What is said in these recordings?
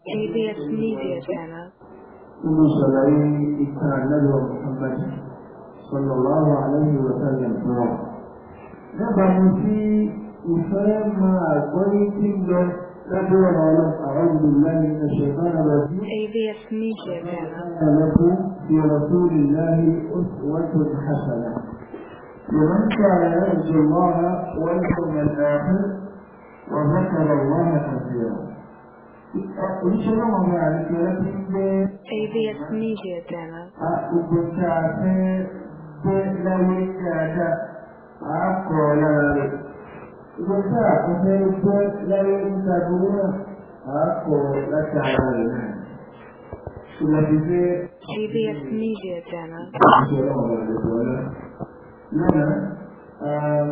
ABS Media Channel. Ini saudari istana Nabi Muhammad sallallahu alaihi wasallam. Dábàá mi sí ìfẹ́ máa gbọ́ ní kí n lọ lábẹ́ ọ̀rọ̀ ọlọ́pàá àwọn olùdarí ẹ̀ṣẹ̀ náà lọ sí. ABS Media Channel. Àlọ́kù fi رسول الله أسوة حسنة. لمن كان يرجو الله واليوم الآخر وذكر الله كثيرا. oníṣẹ́lọ́wọ̀n ọmọ àríkẹ́ Media Demo. Gbogbo tí a fẹ́ gbé láyé dáadáa, a kọ̀ lára rẹ̀. Gbogbo tí a kọ́ fẹ́ gbé láyé níta gbogbo náà, Media Demo. Oníṣẹ́lọ́wọ̀n ọmọ àríkẹ́ ọlọ́. Lọ́nà,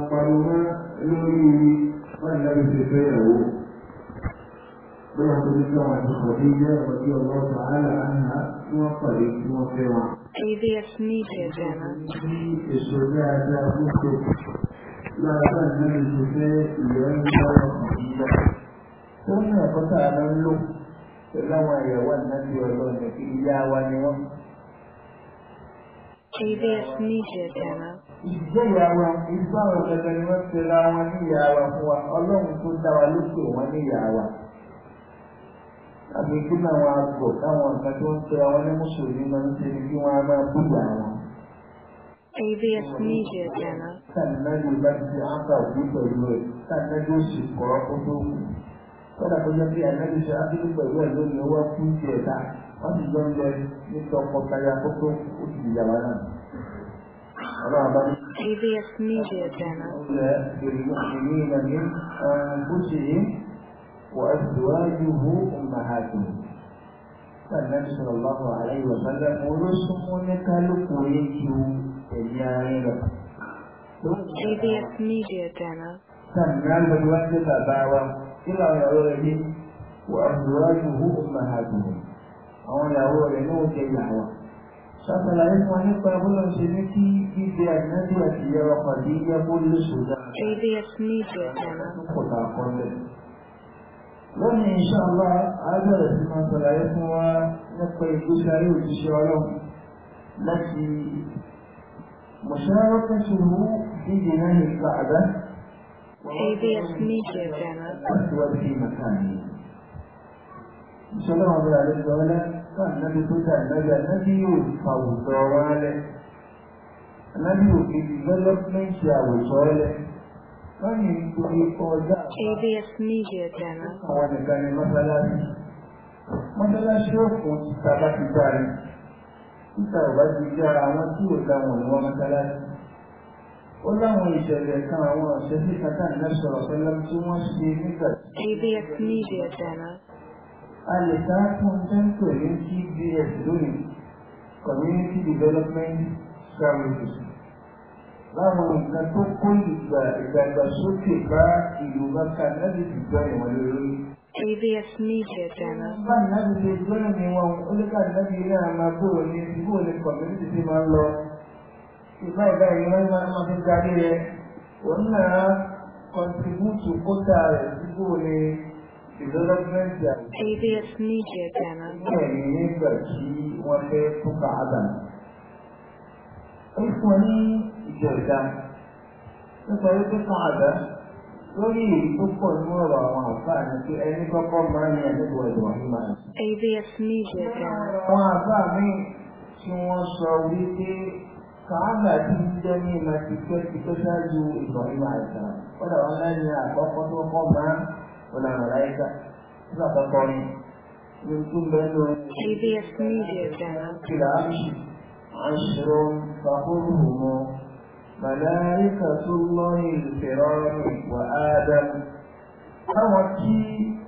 pàdùnmọ́ lórí wọn lábẹ́ fẹ́ fẹ́ ìyàwó. AVS Media Channel. lára ìlú ìṣẹ́ ìyẹn ń lọ́wọ́ ìyá tó ní ẹ̀kọ́ tá a lọ ń lò pẹ̀lú àwọn ìyàwó ànábì ọlọ́ọ̀nà ìyá wa ni wọ́n. AVS Media Channel. ìjẹ́ ìyá wa ìgbà ọ̀rọ̀ gẹ́gẹ́ ni wọ́n ti ra wọn ní ìyá fún wa ọlọ́run tó dá wa ló pè ní ìyá àbí kí làwọn àgọ̀ táwọn nǹkan tó ń tẹ àwọn ní mùsùlùmí máa ń ṣe ni kí wọ́n á máa búgbà wọn. AVS Media Channel. Sànnájú bá ti áńkà òbí pẹ̀lú ẹ̀, sànnájú ó sì kọ́ ó tó kù. Kọ́dà tó jẹ́ pé ànájú ṣe ábílí pẹ̀lú ẹ̀ lónìí ó wá kú ìjì ẹ̀dá. Wọ́n sì jọ ń lẹ ní tọkọtaya tó tó ó sì di yàrá náà. AVS Media Channel. Ó lẹ́ ìrìnnà ní ìrìnnà ní ọ̀rùn وأزواجه أمهاتهم فالنبي صلى الله عليه وسلم ورسم لكالك ويجه تجارب sannan berwajib bawa ila yawari wa azwajuhu ummahatuhum àwọn ìyàwó rẹ̀ ní oúnjẹ ìyàwó sọ́tàlàyé fún wa nípa bọ́lá ṣe ní kí bíbí àdínájú àti ìyá ọkọ̀ àti ìyá bó lóṣù dáa. abs media channel. لن إن شاء الله máa في المنطقة يسمى nípa ìgbésí ayé òṣìṣẹ́ ọlọ́run láti مشاركته في بناء الكعبة في مكانه إن شاء الله رب العالمين كان النبي صلى الله عليه وسلم يوفى وصواله النبي يوفى development يا وصواله ABS Media Channel. Àwọn nìkan òkun ti ta bá ti dára. Títà ò ti dára àwọn tí ò dáwọn ní wọ́n mọ́sálásí. Ó láwọn ìṣẹ̀lẹ̀ kan àwọn ọ̀sẹ̀ tí kátà náà sọ̀rọ̀ pẹ́lú tí wọ́n ṣe nígbà tí. ABS Media Channel. A lè ká fún Tẹ́ńtò ní lónìí, Community Development Services. láwọn nǹkan tó kó ìgbà ìdàgbàsókè bá ìlú bàtà láti fi ìwọ̀n lórí. KBS Media Channel. Bá nàbí ṣe gbọ́dọ̀ ní wọn, ó lè ká nàbí ilé àmà gbòòrò ní ìdíbò ní kọ̀mílítì tí máa ń lọ. Ìgbà ìgbà yìí wọ́n máa fi darí rẹ̀. Òun náà kọ̀ntìbútù kóta rẹ̀ síbò ní ìdọ́lọ́gbẹ́ntì àti. KBS Media Channel. Bẹ́ẹ̀ni nígbà tí wọ́n fẹ́ kópa àdàn ìjọba nípa wípé kan àgbà lórí èyí tó pọ̀ ní ọ̀rọ̀ àwọn àfáà ni pé ẹni kọ́kọ́ máa ń ní àdúgbò ìwà nígbà yìí. AVS Media Group. Àwọn àfáà mi tí wọ́n sọ wípé kàábà ti ń jẹ́ ní ìmọ̀ ti pẹ́ ti pẹ́ ṣáájú ìgbà nígbà àìsàn. Wọ́n dàbọ̀ àkọ́kọ́ tó kọ́ máa ń wọ̀nà àmàláyíká nígbà kọ́kọ́ ni. Yorùbá bẹ́ẹ̀ ló AVS Media Group. Kìlá màláìkàtú lọ́yìn ìfẹ̀rọ̀rùn wà ádámù táwọn tí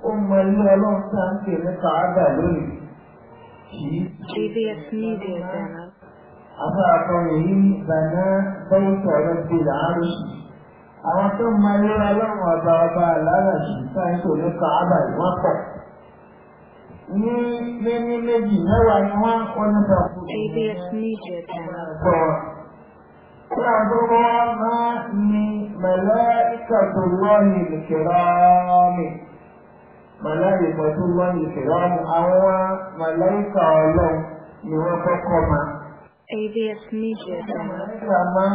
ó mọ ilé ọlọ́run tá ń pè ní kàádà lónìí kì í ṣe àwọn àkọrin yìí bàná bẹ́ẹ̀kọ̀ rẹ̀bí làárù àwọn tó mọ ilé ọlọ́run ọba ọba àlàrà sí sáńtò ní kàádà ìwọ́n pọ̀ ní méní méjì mẹ́wàá ni wọ́n ń kọ́ nípa fún mi. الرحمن ملائكة الله الكرام ملائكة الله الكرام أو ملائكة الله يوفقهما ABS Media Sama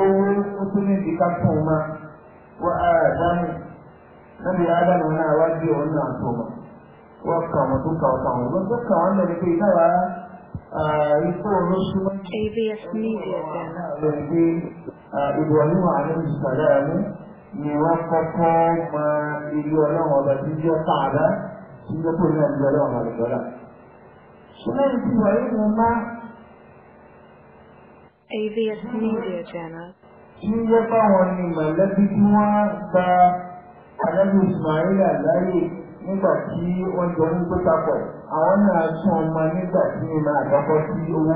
Owó Kútúní di ká fún ọmọ wọ́n á dání níbi Ádámù náà wá di òun náà tó mọ̀. Wọ́n kà wọ́n tó kà wọ́n kà wọ́n lọ́jọ́ kà wọ́n lọ́jọ́ pé ìdáwàá ikú Media Channel. Lóde Ibrahim Alayhi Salam ni wọ́n kọ́kọ́ mọ ilé ọlọ́run ọba tí yọ tààdá tí yọ tó ní AVS Media Channel. Tí yẹ báwọn ni mọ̀lẹ́bí tí wọ́n gba nígbà tí wọ́n jọ ń gbé papọ̀ àwọn náà tún ọmọ nígbà tí mo máa dábọ́ sí owó.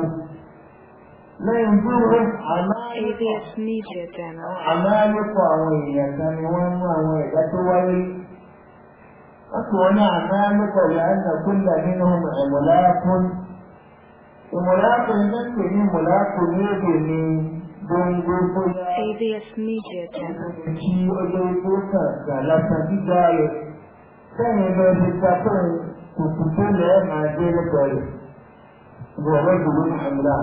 lẹ́yìn tí wọ́n àmáyékọ̀ àwọn èèyàn kan ni wọ́n mú àwọn ẹ̀dá tó wáyé. wọ́n sì wọ́n ní àmáyékọ̀ lẹ́yìn àkúndà nínú ẹ̀mọ̀láàkún. ẹ̀mọ̀láàkún ní pè ní ẹ̀mọ̀láàkún ní èdè ni gbogbo bóyá. ABS Media Channel. ọjọ́ ìgbó kàn lásán gíga rẹ̀ sẹ́yìn ló ti ta pé kòkò tó lẹ́ máa dé lọ́pọ̀ rẹ̀ ìwọ̀ lọ́dún ló ní àmúlá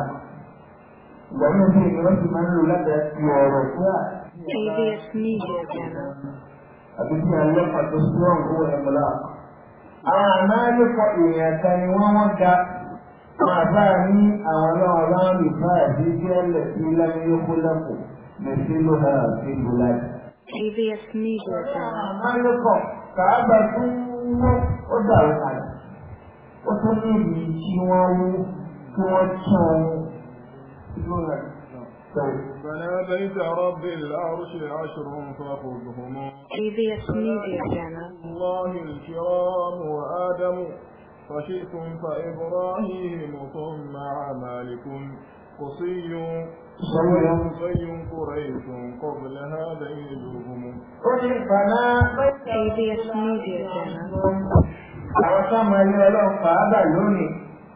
ìgbà yóò bí ìwé ti máa ń lò láti fi ọ̀rọ̀ fún à. àbí tí ọlọ́pàá tó strong owó àmúlá. àwọn àmáyékọ èèyàn kan ni wọ́n wọ́n ga máa bá a ní àwọn ọlọ́run láwọn ìfá àti jẹ́lẹ̀ sí lámúyókó lẹ́kọ̀ọ́ lè sí lóhàn àti ìlú láti. AVS Media kàábà tó ń mọ́ ó dàrú kalẹ̀ ó tún ní ìlú tí wọ́n wú kí wọ́n tún ìlú rẹ̀ فلا بيت رب العرش عشر فخذهما الله الكرام وآدم فشئتم فإبراهيم ثم عمالكم قصي صبي قريش قبل هذا يذوبهم àwọn sáàmù ẹni ọlọ́run pàábà lónìí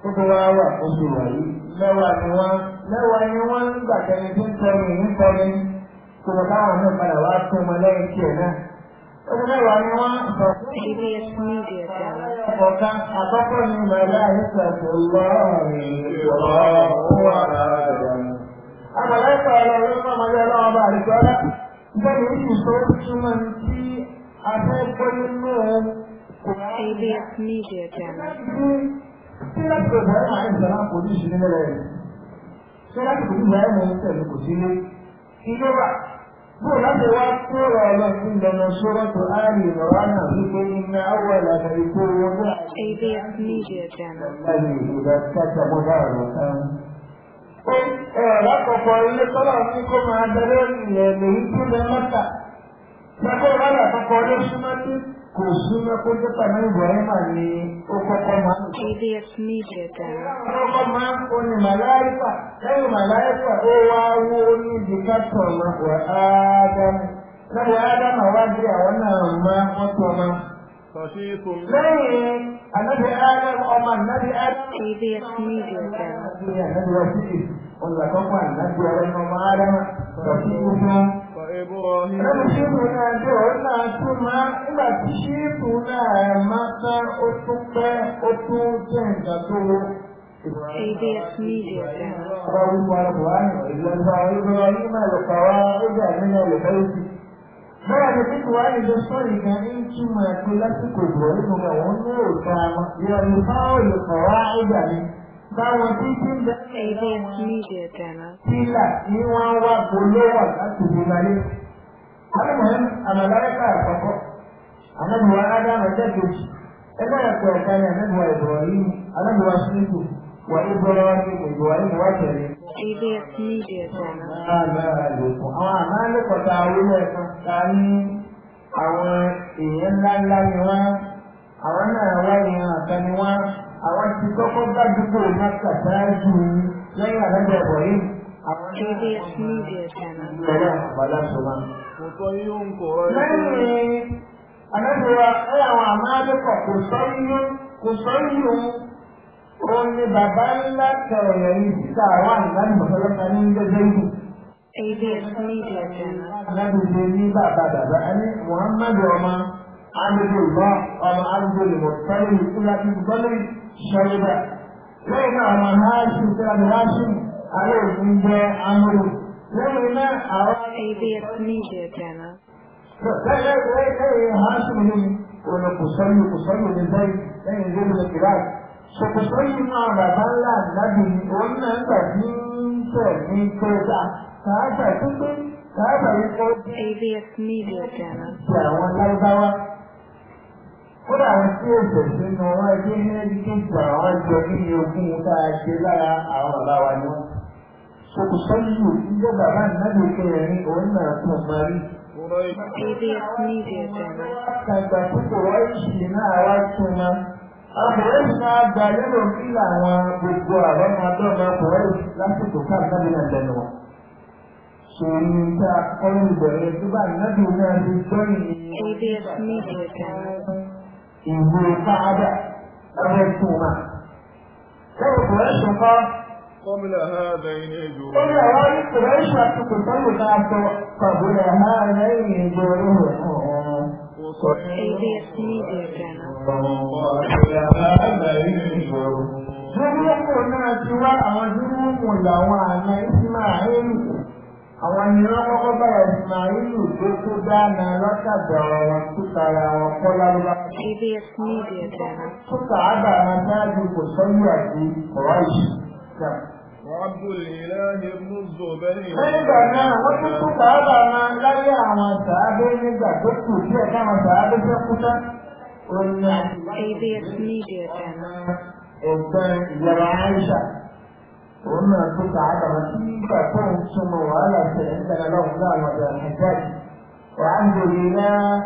tó tó wá wà oṣù wàyí mẹ́wàá ni wọ́n mẹ́wàá ni wọ́n ń gbàtẹ́ni tí ń tọ́ni ń CBS Media Channel. Apapun malaikatul lahi wa adam. Ìjọba láti wá kúrò ọlọ́sìn lẹ́nu sọ́rọ́ tó áàrì ìrọ̀lánà wípé iná awọ ìlànà ikú owó ní ABS ilé tọ́lá ní kó máa darí ìrìn ẹ̀mí tí mọ́ta. Lọ́kọ̀ọ́ rárá àkọ́kọ́ ló súnmọ́ kò súnmọ́ kó jẹ́ pẹ̀lú ìbọ̀rẹ́mà ni ó kọ́kọ́ máa ń lò. ABS media dára. ó máa ń kó ní màláìkà lẹ́yìn màláìkà ó wá wó ní ìdíkàtọ̀ ọmọkùn ádámù lọ́wọ́ ádámù àwádìí àwọn náà máa wọ́n tó ọmọ. lẹ́yìn ànábì ádámù ọmọ ànábì ádámù. ABS media dára. ànábì wá sí ọ̀làkọ́kọ́ ànábì ọ̀rẹ́ ọmọ ádámù. sọ̀tí gbogbo Ibrahim. Ṣéèkù náà jẹ́ òun náà tún máa nígbà tí ṣéèkù náà máa tán ó tún pẹ́ ó tún jẹ́ ìgbà tó wọ. ABS Media. Ọba wípé ara Buhari ìlànà Ibrahim náà lọ kàwá ó jẹ́ àmínà lọ bá Báwọn tí tí ń bẹ̀rẹ̀ ìlànà sílà ní wọ́n wá bolówà láti ìlú ayé. Àlùmọ̀ àmàlárẹ́kà àkọ́kọ́, ànábìwá Ádámù jẹ́ kejì, ẹgbẹ́ ẹ̀kọ́ ẹ̀ka ni ànábìwá ìbọ̀rọ̀ yìí ni ànábìwá Ṣíkù wà ìbọ̀rọ̀ wá sí ìbọ̀rọ̀ yìí wá tẹ̀lé. Àwọn àmàlẹ́kọ̀ọ́ ta orílẹ̀ ẹ̀ka ta ní àwọn èèyàn ńláńlá àwọn ti kọ́kọ́ gbàdúgbò máta dájú lẹ́yìn àlọ́jọ́ ẹ̀bọ̀ yìí. Àwọn tí wọ́n ti ń bẹ̀rẹ̀ sí àbálá sọ́mà. Lẹ́yìn àlọ́jọ́ ẹ̀ àwọn àmàlẹ́kọ̀ kò sọ yíyún kò sọ yíyún òun ni bàbá ńlá tẹ̀rẹ̀ yẹn ti ta àwọn àlùbáyé mọ̀tọ́lọ́ta ní gbẹ́gbẹ́ yìí. ABS Media ní bàbá bàbá ẹni Mùhàmmadu ọmọ Abdullah ọmọ Abdulmọ̀tọ́lì Ìkúlá Ìbùdọ́lì ṣọ́yídà lẹ́yìn náà àwọn aláṣẹ ìṣẹ́ aláṣẹ alẹ́ òfin jẹ́ amúlò lẹ́yìn náà àwọn. ABS Media Channel. lẹ́yìn lẹ́yìn aláṣẹ mi ọ̀nà kò sọ́yìn kò sọ́yìn ní bẹ́ẹ̀ lẹ́yìn lórí ìkìlá ṣòkò sọ́yìn náà bàbá ńlá àgbàdo ni òun náà gbà ní tẹ̀ ní tẹ́jà kàájà tó gbé kàájà yìí kọ́. ABS Media Channel. ti àwọn lárúbáwá kódà àwọn tí èsè sínú wọn ẹgbẹ́ mẹ́rìndínlẹ́sì àwọn jọ nínú ogún tá a ṣe lára àwọn bàbá wa ni wọn. Sokùsọ́yù ilé bàbá ìnáwó kẹrin òun náà fún ọmọ rí. Kàgbà tí kò wá ìṣì náà wá tún ma. Àkùrẹ́sì máa gba lérò kí làwọn gbogbo àwọn máa dọ́gba àkùrẹ́sì lásìkò káàkiri náà lẹ́nu wọn. Sòrí níta ọ̀rọ̀ ìbẹ̀rẹ̀ tó bá ìnáwó náà ti gbọ́ ìyẹn. المساعدة الرسومة لو قريش قال قبل هذين جروه قبل هذين قريش تقول قبل هذين جروه وصحيح قبل هذين جروه جروه الناس وأعجوم لوعن إسماعيل àwọn ni wọ́n kọ́kọ́ bẹ̀rẹ̀ sí tó tó dáná lọ́sàgbà ọ̀rọ̀ tó tara wọn kọ́ lárúbá. CBS Media Channel. tó sàábà máa dájú kò sọ́yù àti ọ̀rọ̀ yìí. وعبد الإله بن الزبير. فإذا أنا وكنت سعادة أنا لا يعمى سعادة إذا كنت في أنا سعادة في قتا. ABS Media Channel. إنسان يرى عائشة. وإما أن تقع عظمتي فأكون على ولا عندنا لهم نار ولا الحجاج وعنده لنا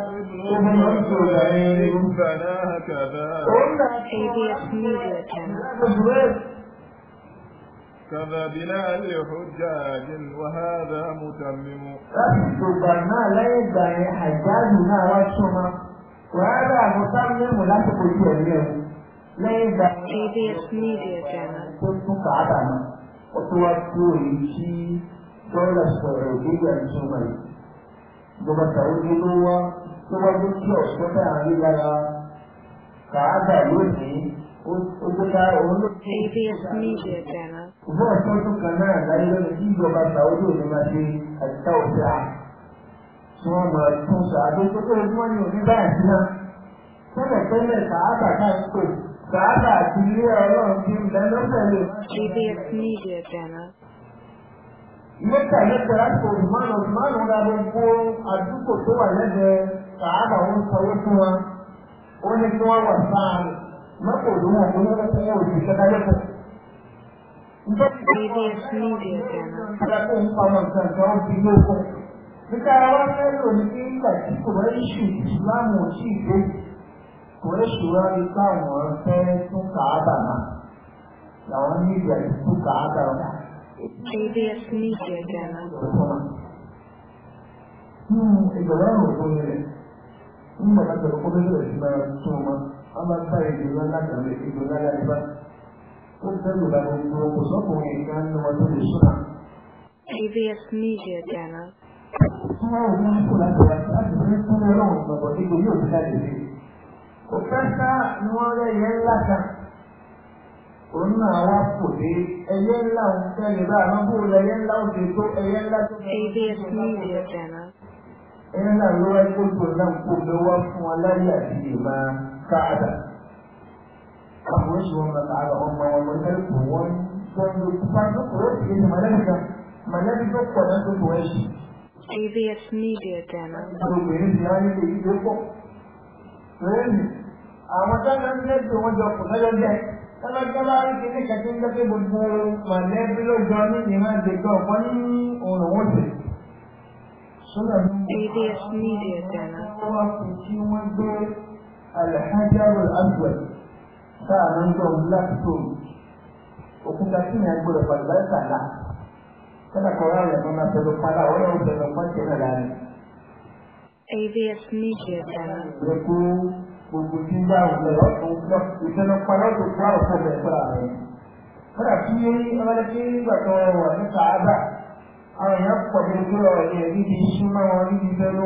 ابن عبد ربنا هكذا كذا بلا لحجاج وهذا متمم رفض ما ليس لحجاج ما وشما وهذا متمم لا تقول شيئا ليس ABS Media Channel sàádà ni ó tún wá tó èyí tí dọ́là sọ̀rọ̀ ìgbéyà ìjọba yìí ìjọba tàwọn ní ló wá tó wá ló kí ọ̀ṣọ́ tá à ń rí lára sàádà lónìí ó tó dá òun ló kí ìwọ ọ̀ṣọ́ tó kan náà láyé lónìí tí ìjọba tàwọn yóò ní máa ṣe àtìká òṣè à tí wọ́n máa tún sàádà tó tó ojú wọn ní òní báyìí náà tẹ́lẹ̀ tẹ́lẹ̀ sàádà káà ń pè TBS Media Channel. Lẹ́tàlẹ́tà láti òmùmánà òmùmánà ra gbogbo àdúgbò tó wà lẹ́gbẹ̀ẹ́ sàábà wọn sanwó fún wa. Ó ní kí wọ́n wà sáà mọ́tò lówó ọ̀gbọ́n lọ́wọ́ fún wọn òjò ìṣẹ́dá lẹ́kọ̀ọ́. TBS Media Channel. Ìjọba tó ń pa wọn nǹkan kan ó fi lóko. Níta wá fẹ́ lò ní kí ìgbà tí kò bá yíṣù ìsìlámù ò tí ì dé kòrèṣù wá rí káwọn fẹ́ tún kàábà náà làwọn nígbà tún kàábà náà. JBS Media Gala. Hmm, ìgbàlá ọ̀rọ̀ tó ń rẹ̀. Nígbà tá a sọ̀rọ̀ kọ́bí lórí ìgbà tó mọ́, a máa bá èdè ńlá látàrí èdè ńlá yára bá. Ó dẹ́rù la gbogbo kò sọ́kùnrin kan ní wọn tó lè sọ́nà. JBS Media Gala. Wọ́n á wọ́n kó láti wá sí àtìsí fún ọlọ́run ìgbàgbọ́ nígbà yóò fi láti rí. وكان òun àwa kò dé ẹyẹ ńlá òun tẹ́lẹ̀ bá àwọn bó lọ ẹyẹ ńlá òde tó ẹyẹ ńlá tó ẹyẹ ńlá ló wáyé kó tó náà kó lọ wá fún wa láyé àti ìmọ̀ káàdà àwọn oṣù wọn bàtà àrà ọmọ ọmọ ẹgbẹ́ kò wọ́n tó ń lo pípa tó kò ó ti ṣe mọ̀lẹ́bí kan mọ̀lẹ́bí tó pọ̀ náà tó tó ẹ̀ ṣe. AVS Media Channel. Àwọn obìnrin ti wáyé lè yí tó pọ̀. Rẹ́ẹ̀lì àwọn táwọn ń lẹ́sìn wọn jọ kò lọ́jọ́ jẹ́ tọ́lọ́jọ́lá ike ní kẹtí ń jẹ́ pé gbogbo mọ̀lẹ́bí ló jọ ní ìran ìdèkọ́ ọ̀pọ̀ ní òòrùn wọn sì. sọ́dọ̀ ní wọ́n fi tí wọ́n gbé alhajarul aswad sáàánú jọ black stone òkúta tí yẹn gbọdọ̀ pàdé báyìí sàlá kọ́dà kọ́ ráàlẹ̀ mọ́ máa tẹ̀lé padà wọ́n yóò tẹ̀lé pọ́ńtì rẹ̀ lánàá. AVS Media Channel gbogbo tí ń bá òun lọ tó ń lọ ìṣẹ̀lẹ̀ padà tó gbá òkú rẹ̀ fúnra rẹ̀. Kódà tí ọlọ́dẹ di nígbà tó wà ní Sàábà, àwọn èèyàn pọ̀ bí ojú ọ̀rọ̀ yẹn níbi iṣu máa wọn níbi bẹ́nu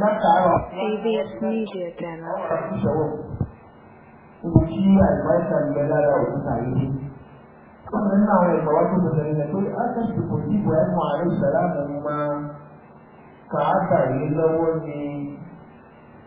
látàárọ̀. ABS Media Channel. Ibi tí àìmọ́ta ń bẹ lára òkúta yìí. Wọ́n ní àwọn ẹ̀gbọ́n wájú tuntun nílẹ̀ pé Ásẹ̀sì kò dìbò ẹ̀mọ́ àrẹ ìṣẹ̀lá mọ̀ máa kàá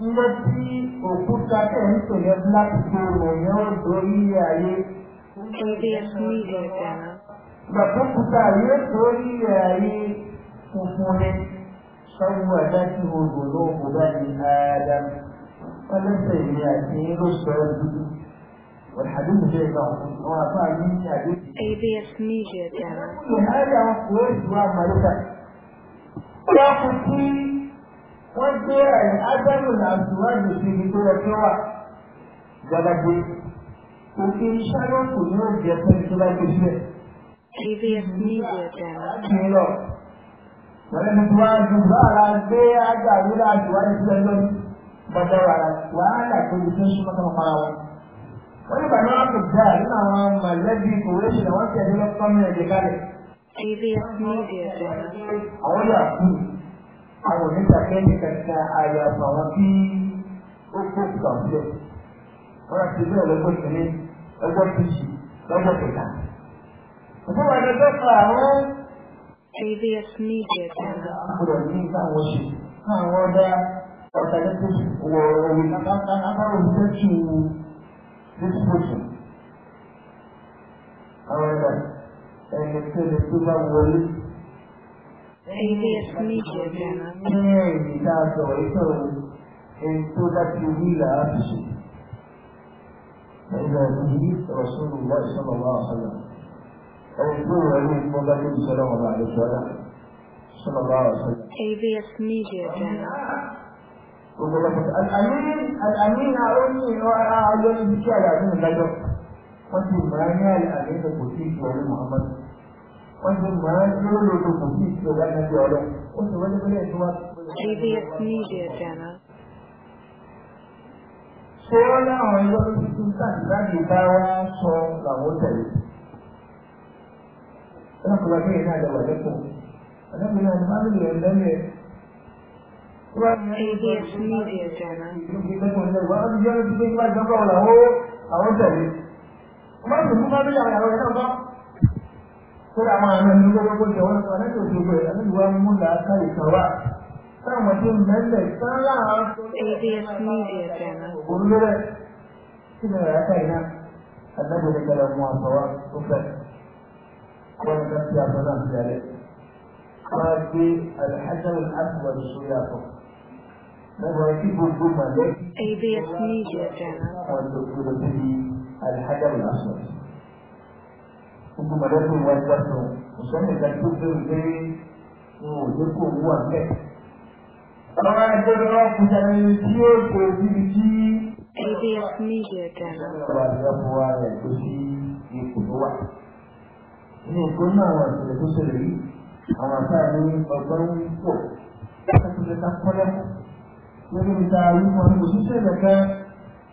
nígbà tí òkúta tẹ̀ ń pè ní black gold ọ̀yẹ́ òdò ilé ayé. Bàbá òkúta ayé tó ilé ayé funfun ni sọ́wọ́ àdájú odò lóògùn báyìí Adam. Wọ́n lẹ́sẹ̀ ìrìn àti ló sọ ẹ́ dúdú. والحديث جاي له هو فاهم حديث ABS Media Channel. هذا هو ما لك. wọ́n gbé ẹ̀ ágbẹ́lù làbùwájú sí ibi tó yẹ wà gbàdàgbé òfin ṣálọ́ọ̀kù ni ó jẹ fún ìtura gbèsè. previous media channel. kí lọ wọlé mi wá ju báàrà gbé ágbàlú làbùwájú sí ẹjọ́ gbàdá wàrà wàhálà tó lè tó súnmọ́ tó máa wọn. wọ́n ní bàbá wọn kò gbà nínú àwọn mọ̀lẹ́bí kòwéṣì làwọn tẹ̀lé lọ́kọ́ mi media channel. àwọn yà kú àwọn onítàkẹ́ni kankan àyà àwọn tí ó kó kùtà sílẹ̀ wọ́n ti bẹ́ẹ̀ lọ́gbọ́n kìíní lọ́gbọ́n kejì kẹta. Òfin wà ní dọ́kítà àwọn. AVS Media Channel. Àkùrọ̀ ní ìbáwọ̀ ṣe àwọn ọ̀dà alternative wọ̀ òwe lábáwò sẹ́kì disposition. Àwọn ọ̀dà ẹ̀ẹ́dẹ̀gbẹ̀rẹ̀ tó bá wọlé. evitado eso en toda tu vida en el ministro Rasulullah sallallahu alayhi wa sallam en tu vida en el mundo de Israel sallallahu AVS Media Journal. wọ́n ti máa ń lérò lóko kò sí ìṣòro láti ṣe ọ̀rọ̀ ó sì wọ́n lébẹ́lẹ́ ìṣó wa. ABS Media Channel. ṣé ó láwọn ẹgbẹ́ tó ti tún tàbí láti bá wa sọ làwọn tẹ̀lé? ẹnì kan wá kéèyàn náà lọ wà lẹ́kọ̀ọ́ ọ̀dọ́gbìn náà ni wọ́n lè lọ lẹ́lẹ̀. ABS Media Channel. ìlú kìí lẹ́kọ̀ọ́ tó àwọn àmì ẹni gbogbo jẹ wọn sọ nípa òṣogbo ẹ ẹni ìwà mú làákà ìkàwà táwọn tó mẹlẹ sáárà òwúrẹ kí ni làákà iná àdájọ ní kẹlẹ mú àfọwà tó fẹ wọn nǹkan tí a sọ náà ti rẹ máa gbé alhajar aswad sórí àpò lẹ́gbọ̀n tí gbogbo mọ̀lẹ́bí. ABS Media Channel. Wọ́n lò ó lọ sí alhajar aswad. gbogbo mọ̀lẹ́bí wa ti wá sí wọn òṣèlú ìgbà tó bẹ̀rù pé wọn ò ní kó owó àbẹ́. ọ̀rọ̀ ẹgbẹ́ ni wọ́n kú sẹ́ni tí ó kó síbi tí. ABS Media Ghana. ọ̀rọ̀ àdúrà fún wa rẹ̀ tó sí ipò tó wà. ní ìkó náà àwọn ìṣẹ̀lẹ̀ tó ṣẹlẹ̀ yìí àwọn àṣà ní ọgbọ́n ń pọ̀ láti fi lè ta kọ́lẹ́kù lórí ìta àwọn ìmọ̀ ní òṣìṣẹ́ ìgbà kan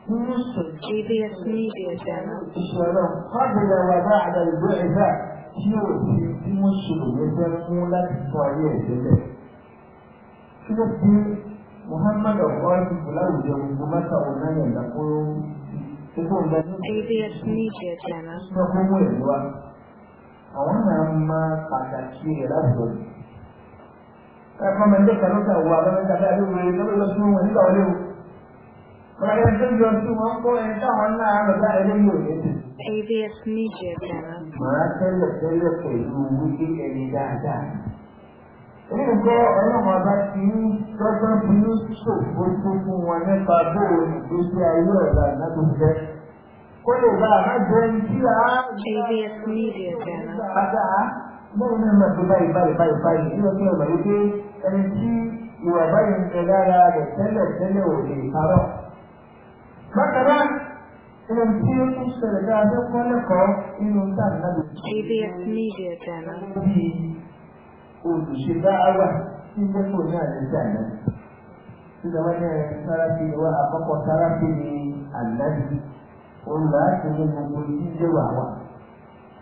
mūsų Media Channel. Fábílẹ̀ wà bá àdàlùbọ̀ ẹ̀dá tí ó ti tí Mùsùlùmí fẹ́ mú láti fọ ayé ìdílé. Kí ló fi Muhammad Ọ̀gbọ́n ti kù láwùjọ Media Channel. Ṣé ọkọ mú ìlú wa? Àwọn náà máa pàtàkì rẹ̀ láwùjọ. Ẹ̀kọ́ mi ń dẹ́ka ló ta lọ́wọ́ ìgbàgbé àdéhùn lọ́wọ́ lọ́sùn ABS Media Channel. Màá tẹ́lẹ̀ tẹ́lẹ̀ pẹ̀lú wíkí ẹni dáadáa. Olùkọ́ ọlọ́mọba bá ti ń tọ́jọ́ bí ní ṣòfò tó fún wọn nípa bóòlù ìgbésí ayé ọ̀la náà fẹ́. Kó lè bá a máa jẹ ẹni tí a. ABS Media Channel. Bàbá bóun náà máa fi báyìí báyìí báyìí báyìí nínú kí ọ̀la yìí pé ẹni tí ìwà báyìí ń tẹ lára rẹ̀ tẹ́lẹ̀ tẹ́lẹ̀ ò lè Bákanáà, ohun tí ó tún ṣẹlẹ̀ dáa tó kọ́ lẹ́kọ̀ọ́ nínú dáadáa. ABS Media Channel. Bí olùṣe bá wà tí ń dẹ́kun ní àlejò àná. Síjọba ní ẹ̀rọ sáráfì wa àkọ́kọ́ sáráfì ni àlàyé. Òun làá ṣe ní gbogbo ìdílé wà wá.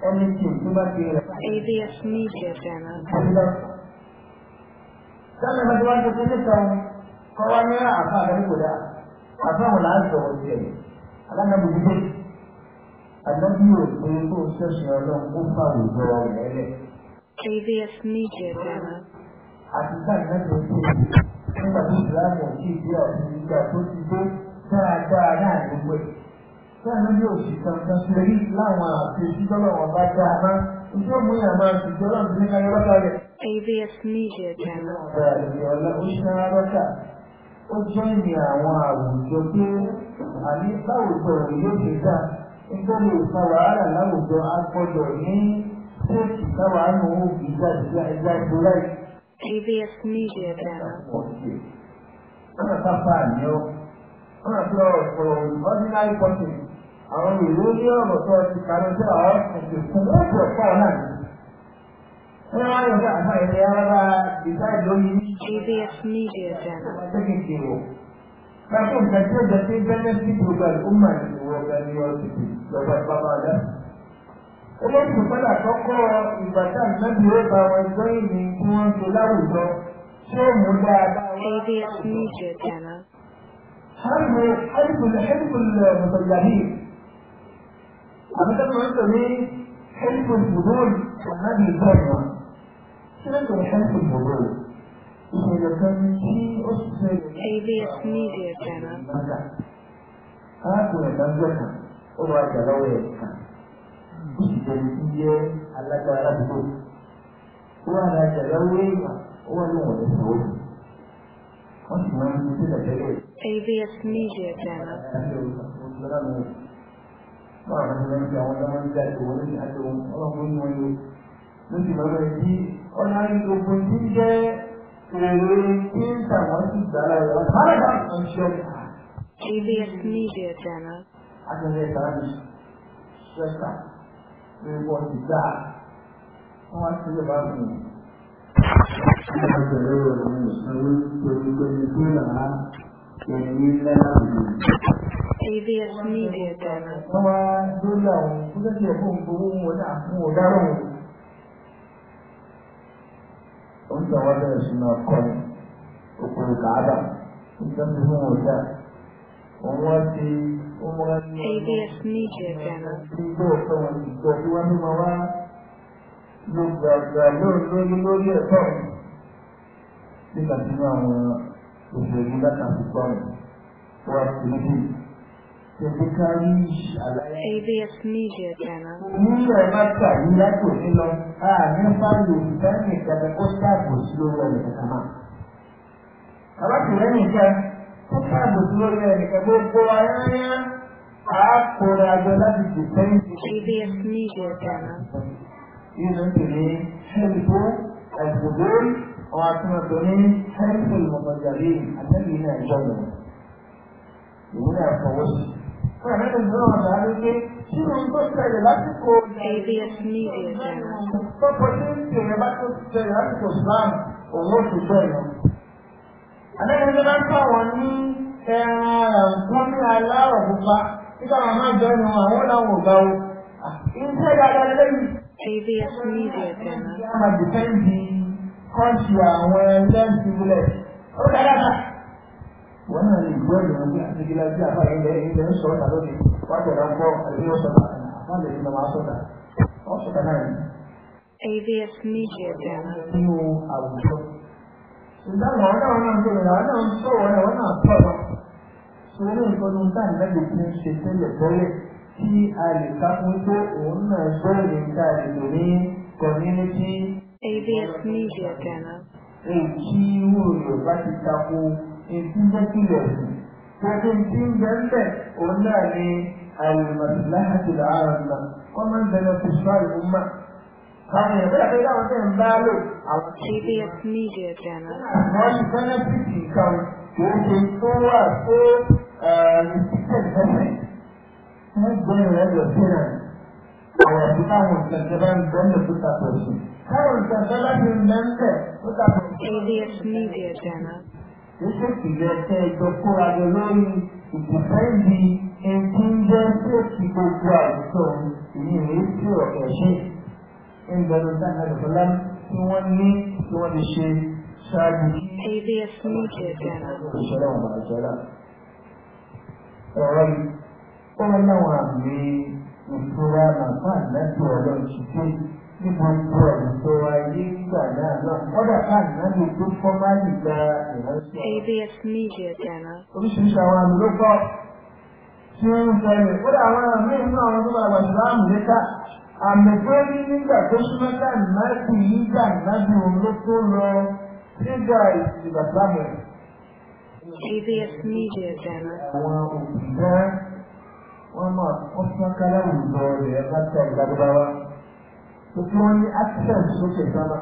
Ẹni tí òkú bá ti rẹ̀. ABS Media Channel. Sáàmì ìbájú wájú fún níta kọ́wá ní àfáà lórí kò dáa àbáwọn láàjọ ọ̀tẹ̀ alágbàgbé àdájú rẹ̀ pé kó o ṣẹ̀ṣẹ̀ ọlọ́run kó fà òjò rẹ̀ lẹ̀. KVS Media Demo. àti káàkiri tó ṣe nígbà tó ti láàbọ̀ sí ìgbé ọ̀sìn ìgbà tó ti dé dáadáa láàrin gbogbo ẹ̀. bẹ́ẹ̀ ló ní òṣì kankan ṣe rí láwọn àti ìṣúgbọ́n àwọn bá dá a máa ń tó mú yàn máa ti jọ́ náà nílé káyọ́ lọ́tà rẹ̀. KVS Media Demo. ó jẹ́ ìrìn àwọn àwùjọ pé àní láwùjọ òye ti dá nítorí ìfà wàhálà láwùjọ agbọ́dọ̀ ní ṣéèkì táwọn àánú òbí jáde ẹja tó láì. Media Data. Ọ̀nà pápá ni ó. Ọ̀nà tí ọ̀rọ̀ sọ̀rọ̀ ordinary person. Àwọn ìlú ní ọ̀rọ̀ tó ti kàlẹ́ sí àwọn ìṣẹ̀kùn ó náà. ABS Media Channel. Tapi saya jadi benefit global umat global university global bapa Oleh sebab àkọ́kọ́ ìbàdàn nábì ó bá wọn gbọ́ ìní tí wọ́n ṣe láwùjọ tí ó mú dáadáa wá. ABS Media Channel. Hàbù Hàbù Hàbù Mùsùlùmí. Àbíkẹ́ mi ń sọ ní Hàbù Mùsùlùmí Ànábì Bọ́ọ̀mù. ABS Media Channel. arákùnrin kan jẹ́ kan ó lọ àjà lọ́wọ́ ẹ̀ kan ó sì jẹ́ni tí jẹ́ alágbára ládùúgbò ó wà ní àjà lọ́wọ́ èèyàn ó wà lóhùn ẹ̀ sọ́wọ́ wọ́n sì máa ń fi sílẹ̀ tẹ́lẹ̀. ABS Media Channel. Báwo ni wọ́n ń fi àwọn ọmọ ń jáde ní àjọ wọn? Ọlọ́run ló ń wọlé. Ló sì lọ́rọ̀ ẹ̀ ọ̀nà ìgbòkùn tí ń jẹ́ èrè tí ń tàwọn sí ìgbàlá ẹ̀rọ tààrà ìṣẹ́ ABS Media Channel. Àtẹ̀lẹ́ ìgbàlá ṣẹ́ta ìwọ̀ ìgbà wọ́n wá sí ìjọba fún mi. Àtẹ̀lẹ́ ìwọ̀ ìsanwó torí pé ní kí làá ẹ̀yìn ńlá ABS Media Channel. Wọ́n wá dólà òun, ó jẹ́ kí ẹ̀kọ́ òun gbowó wọn náà fún ọ̀daràn òun oúnjẹ wọn bẹ̀rẹ̀ sí máa kọ́ ni òkú kàádà nítorí fún wọn dá òun wọn ti òun wọn ní ABS media channel ti gbé òfin wọn ti gbọ́ bí wọ́n ní wọn wá ló gbàgbà lórí lórí ẹ̀tọ́ nígbà tí wọn àwọn òṣèlú lákàtúntọ́ wọn wá sí ibi. ABS Media Channel. Nílò ẹ má tà yí láti òní lọ, a ní bá lò ìdáhùn ìjàmbá ó dáàbò sí lórí ẹnì kankan náà. Àbákùnrin nìkan tó dáàbò sí lórí ẹnì kan gbogbo ayáyá àákòrò àjọ láti jù sẹ́yìn. ABS Media Channel. Yíyan ń pè ní Ṣẹ́yìnbó Àìsòdó ọ̀hún àtúntò ní Ṣẹ́yìnbó Ìmọ̀gbọ̀jà lẹ́yìn You náà have to àfọwọ́sí. ABS Media Channel wọn náà lè gbọ́ ìrìn àjò àti ìgbìlá bí àbá ilẹ̀ ilẹ̀ ń sọ̀rọ̀ tàbí wọ́n tẹ̀lé ọkọ̀ ẹ̀rí ọ̀sọ̀tà wọ́n lè lọ máa sọ̀tà wọ́n sọ̀tà náà ni. AVS Media Channel. nínú àwùjọ. ìdáhùn àwọn náà náà ń bèrè àwọn náà ń sọ̀rọ̀ ẹ̀ wọ́n náà tọ̀ lọ. sọ̀rọ̀ ní nǹkan tó ń tà nílẹ̀ yìí ń ṣe tẹ́lẹ̀ tẹ́lẹ̀ tí a lè ká fún pé òun náà sọ̀rọ̀ ní ká lè lò ní community. AVS Media Channel. èyí tí irú Yorùbá ti takò ìtúnjẹ́kílẹ̀ tẹ́tí tí ń bẹ́ẹ̀ òun náà ni àìmọ̀láhàtì àrùnà common benefit for the woman. Káwọn èèyàn bẹ́ẹ̀ bẹ́ẹ̀ láwọn tẹ̀ ń bá lò àwọn CBS Media Channel. Wọ́n ti benefit nǹkan kò ṣe tó wà tó restricted government. Wọ́n gbé rẹ̀ lọ síra àwọn àbúkà àwọn ìtẹ̀jọba ń bẹ́ẹ̀ tó tàbọ̀ sí. Káwọn ìtẹ̀jọba ti ń bẹ́ẹ̀ tó tàbọ̀ sí. CBS Media Channel wípé ìyẹ kẹ ẹjọ kóra lọ lórí ìdìfẹ́ di ẹtí ń jẹ́ sèkì gbogbo àwùjọ ìyẹn èyí tí ọ̀kẹ́ ṣe ń bẹ̀rù sáà lọ́lá tí wọ́n ní tí wọ́n lè ṣe ṣáájú kí ìṣẹ̀lẹ̀ wọn bàá jẹ́ náà. ọ̀rọ̀ yìí ó wọn náà wà ní ìfura màmá àdájọ́ ọlọ́run ṣiṣẹ́ tí mo ń bọ ìṣó ayé gbà náà lọ. Kọ́dà káàdì náà lè tó fọ́ bá lè gba ìrántí. ABS Media Channel. Oríṣiríṣi àwọn àmì ló pọ̀ tí ó ń sọ̀rọ̀. Kódà àwọn àmì inú àwọn tó bá wà síláàmù létà. Àmì tó ní nígbà tó súnmọ́ káàdì náà kù nígbà náà bí òun ló tó lọ nígbà ìgbà sáàmù. ABS Media Channel. Àwọn òbí wọ́n máa kọ́ sọ́kálẹ̀ òǹdọ̀ rẹ̀ bá tẹ̀ lágbára kuma wani access suke sama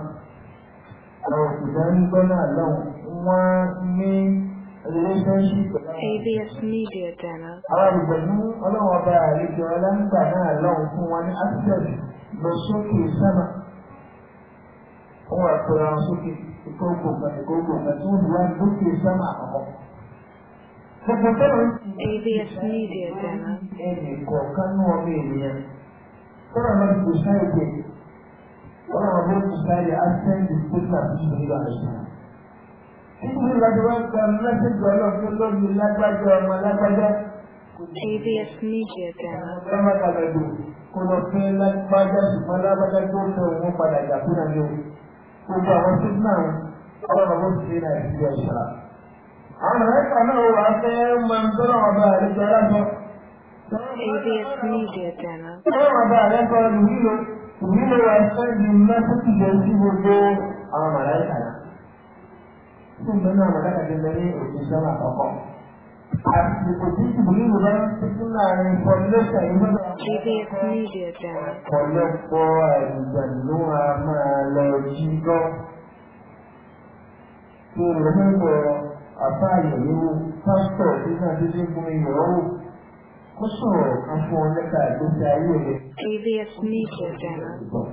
a idan gana nan wa ni relationship ABS Media Channel. Àwọn àgbẹ̀nú ọlọ́wọ́ bá àlejò ọlọ́ngbà náà lọ́wọ́ fún wọn ní access lọ sókè sábà. Wọ́n wà pẹ̀lú àwọn sókè ìkókò ìkókò kan wọ́n wá lókè sábà àkọ́kọ́. ABS Media Channel. Ẹnì kọ̀ọ̀kan náà ọmọ ènìyàn. Sọ́dọ̀ náà ti kò sáyẹ̀ wannan wannan misali an san da sunna fi shi ba da shi títí nígbà tí wọ́n gba mẹ́sẹ̀jì ọlọ́run lórí lágbájá ọmọ lágbájá AVS Media Channel. Ọmọ kàlẹ́dù kò lọ fẹ́ lágbájá ṣùgbọ́n lágbájá tó fẹ́ òun padà jà fún ẹni o. Gbogbo àwọn tó náà ọlọ́run ló ti rà ìdílé ìṣẹ̀lá. Àwọn ẹ̀ka náà wà fẹ́ máa ń tọ́lọ̀ ọba àdéjọ aláṣọ. AVS Media Channel. Tọ́lọ̀ ọba àdéjọ ìlú nílò ẹ̀fẹ́ ni mẹ́fẹ́ ti jẹ́ sí gbogbo àwọn màláìkà náà. Tí ìgbẹ́ náà màláìkà ti lẹ́yìn òkè sọ́nà àkọ́kọ́. Àsìkò tí ìbùlí ìlú bá ń tẹ́tí láàrin pọ̀lẹ́sẹ̀ ìmọ̀lá ọ̀pọ̀lọpọ̀ àìjà ló wà máa lọ jí gọ́. Tí ìrọ̀lẹ́gbọ̀ àbáyọ̀ lówó pásítọ̀ tí náà ti dín fún ìyọ̀wó. AVS Media Demo.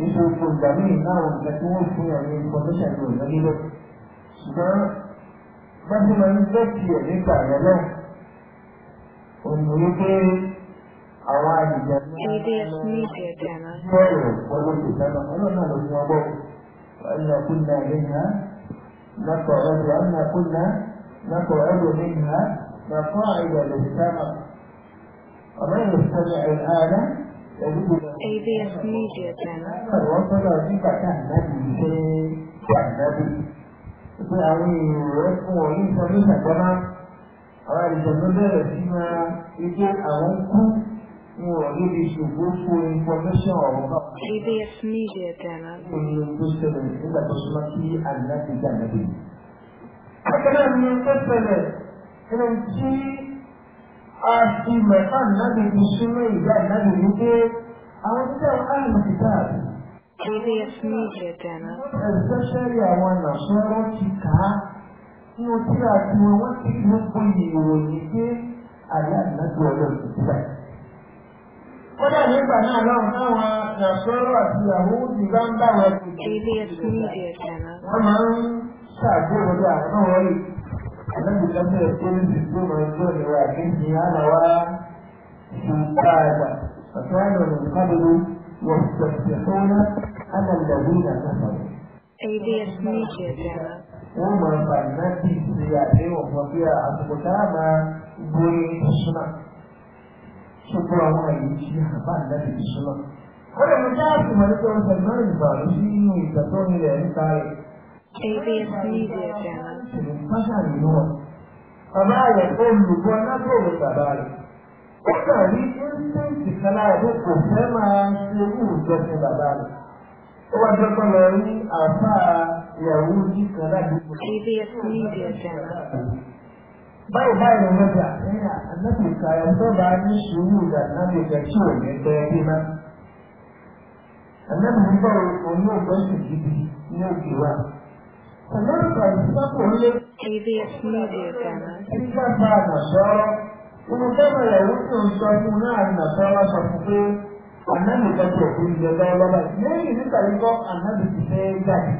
Isso para mim não é muito ruim, a minha importância é muito grande. Então, mas uma infecção de carga, né? O nível awali jamii walipitana maneno aliyoambiwa anna kunna minha naqadu anna kunna naqadu minha مصاعد المجتمع ومن يستمع الآن ABS Media Channel. وصل وظيفة النبي النبي pé àwọn èèyàn fún ọ yìí sọ ní ìṣàjọba àwọn bẹ̀rẹ̀ sí máa wípé àwọn kú ní ọ̀rẹ́ lè ṣògbó fún information ọ̀rọ̀ náà. ABS Media Channel. ó ní ohun tó ṣẹlẹ̀ nígbà tó súnmọ́ sí àdínà ti dàgbà dé. akẹ́lẹ́ mi tó ṣẹlẹ̀ nínú tí a fi mẹ́fà náà ti súnmọ́ ìgbà náà ní pé àwọn tí wọ́n á lè ti dáa. KBS Media Channel. Especially àwọn nàṣọ́rọ́ ti kà á ní ojú àti wọn wọ́n ti mú fún ìròyìn pé àyà ìnájọ́ ọlọ́run ti dáa. Kódà nígbà náà lọ́run táwọn nàṣọ́rọ́ àti ìyàwó ti bá ń bá wọn. KBS Media Channel. Wọ́n máa ń ṣàgbéwọlé àwọn náà wọlé. annabi kan ABS Media Channel. Umar Banati Suya Dewa Mafia Asukutama Guri Suna. Shukura Wai Shiha Banati Suna. Kore Mutasi Marikon Salman Baru Shini Tatoni ABS Media sáṣàlì wọn bàbá rẹ̀ olùkọ́ lábòrò bàbá rẹ̀ ó kàn rí íńtẹ́ǹtì kan lára pé kò fẹ́ máa ṣe irú ìjọsìn bàbá rẹ̀ ó wá jẹ́ kọ́ lọ rí àáfàá ìyàwó yìí kan ládùúgbò. báyìí báyìí lọ́jà ẹ̀yà anábìkà ẹ̀ tó bá ní sùúrù ìdàgbàsókè tí ò ní bẹ́ẹ̀ bí náà. Ànábì ń bọ̀ òun yóò gbọ́ sí gidi ní òkè wa. Àlọ́rùkà ìsọ́kò ń previous movie again. Nígbà tá a nà sọ̀rọ̀, inú bẹ́ẹ̀ yẹ̀wò tó ń sọ fún náà nà sọ̀rọ̀ sọ fún pé ànábì tọ́jú òkú ìjọ lọ́wọ́lọ́wọ́ lẹ́yìn nígbà yìí kọ́ ànábì ti fẹ́ jáde.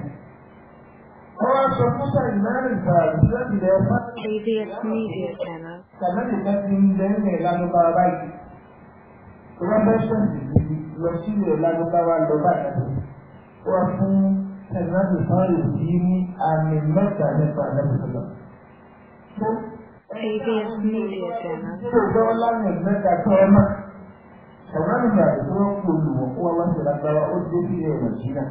Wọ́n á sọ fún báyìí mẹ́rin bàbá láti lẹ́ fún previous media channel. Tàbí kan ti ń bẹ́ ní ìlànà báyìí. Rọ́bẹ́sọ̀n lọ sílẹ̀ ìlànà báwa lọ báyìí. Wọ́n fún sannan su fara yi ni a mimmata na fara da sallam. Ko zama lamin mẹ́ta tọ́rọ náà, sannan ìgbà tó wọ́n kò lù wọ́n kó wọ́n ṣe lágbára ó dé sí ẹ̀ Màjínà.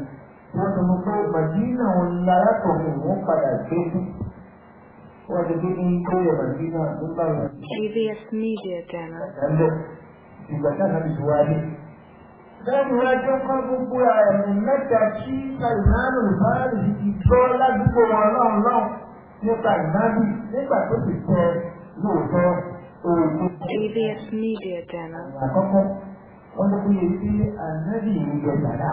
Wọ́n sọ mọ́ pé Màjínà wọn lára tó mú wọn padà dé sí. Wọ́n ti gbé ní kó ẹ̀ Màjínà nígbà yẹn. ABS Media Channel. Ìgbà táwọn ti wá dé lẹ́nu ẹjọ́ kan gbogbo ẹ̀mí mẹ́ta tí Sàlìmánù Fáàlì ti dúró ládùúgbò wọn lọ́hùn lọ́hùn nípa ìgbádùn nígbà tó ti tẹ lóòótọ́ òògùn. ABS Media Channel. Àkọ́kọ́, wọ́n ló péye sí ànábì ìjọ dàda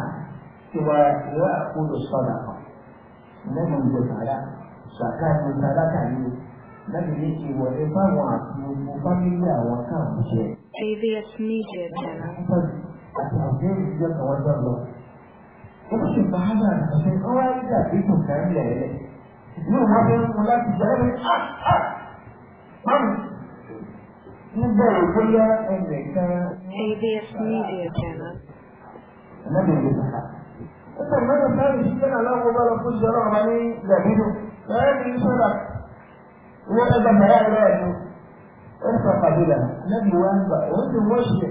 tí wà ìwà àkóso sọ̀dà kan. Lẹ́nu ìjọ dàda, ṣàkà ìjọ dàda kàyé láti lè ṣe àti ogun fámílì àwọn káàkiri. ABS Media Channel àtàwọn ìjọ kan wọ́n jọ lọ. Wọ́n sì bá àti wọ́n wá ní ìdàgbé tó kàn lẹ̀ lẹ̀. Ìdílé wọn fẹ́ mú láti jẹ́ ẹ̀rí áá. Báwo nígbà ìgbóyá ẹnìkan. ABS Media Channel. Ẹ̀mẹ́bí ìlú kàkà. Ó sọ ìwé ìfẹ́ ìṣiṣẹ́ náà lọ́wọ́ bá lọ fún ìṣẹ́ bá ní Gàbídù. Ẹ̀rẹ́ mi sọ̀rọ̀ ìwé ẹgbẹ̀rún náírà ẹ̀rọ ẹ̀dùn. Ó sọ pàdé rẹ̀. wá ń gbà. Òun ti wọ́ṣẹ̀.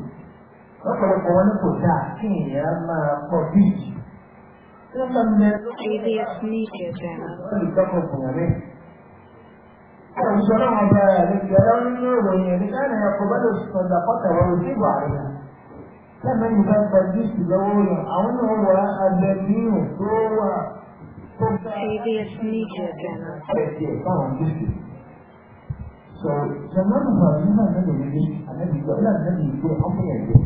ọ̀pọ̀lọpọ̀ wọn ní kò dáa kí èèyàn máa pọ̀ bí. ABS Media Channel. Àwùjọ náà wọn bẹ̀rẹ̀ àlejò ẹ̀rọ nínú ìròyìn ẹ̀rí káàrin ẹ̀kọ́ bá lè sọ̀rọ̀ dàpọ̀tà wọn òjì wà rẹ̀. Lẹ́nu ẹ̀yìn bá gba jíìsì lọ́wọ́ yẹn, àwọn náà wà abẹ mìíràn tó wà tó bá. ABS Media Channel. Ẹ̀sìn ẹ̀fọ́ àwọn jíìsì. So, Jamal Buhari náà lẹ́nu ẹ̀rí àlejò ẹ̀rí àlejò ọmọ yẹn jẹ́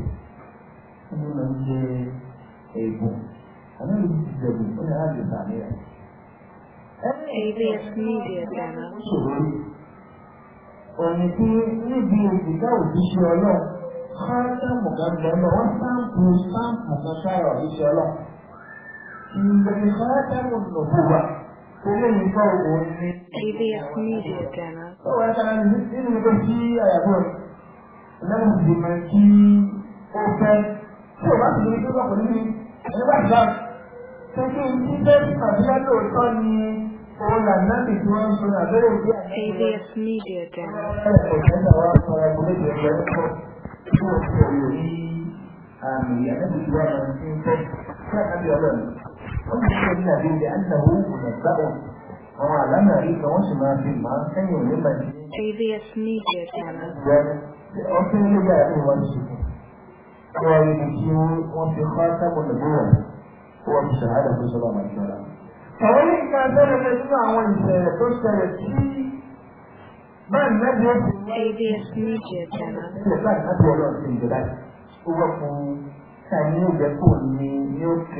wọ́n ní wọ́n ṣe ègùn àná ló ti jẹ̀gùn ó yàrá lè bà ní rẹ̀. Òní tí níbi ìdíkà òjíṣẹ́ ọlọ́run, sáńtàmù kan gbọ́dọ̀ wọ́n sáǹpù sáǹpù kan sára òjíṣẹ́ ọlọ́run. Ìgbẹ̀rẹ̀ sáńtàmù nùbùwà ilé nǹkan òun ní. ABS Media Ghana. Ó wà lára nínú ìgbésí àyàbọ̀ lẹ́yìn ìgbìmọ̀ tí ó fẹ́ tí o bá sì lè gbégbá pẹ̀lú mi nígbà tí wọ́n ṣe kí n ti bẹ́ẹ̀ tàbí lóòótọ́ ni òun là náà lè fi wọ́n sọ àbẹ́rẹ́ òbí àti AVS Media Channel. ọ̀sẹ̀ náà wá sọ ẹgbẹ́ méjì ẹgbẹ́ ẹ̀kọ́ tí wọ́n ti rí orí àmì àdébí ìwà náà ti ń bọ́ sí àkábí ọlọ́run. wọ́n ti sọ ní àbí ilẹ̀ àdìnàwó òmùgbàgbọ́ àwọn àlámà rí kan wọ́n sì máa fi máa sẹ́yìn òní wọ́n rí ibi tí wọ́n fi kọ́ sábọ̀n ìgbéyàwó tó wọ́n fi ṣàhádà fún sọ́lá màtíọ́lá. àwọn oníkà bẹ̀rẹ̀ nínú àwọn ìṣẹ̀lẹ̀ tó ṣẹlẹ̀ tí báyìí mẹ́jọ ti wáyé bí ẹ̀sìn ìjẹ̀dá. ìṣẹ̀lẹ̀ láti láti ọlọ́run sí ìjọba yìí ó wọ́ fún sani ìjẹ́ kò ní ní ó kí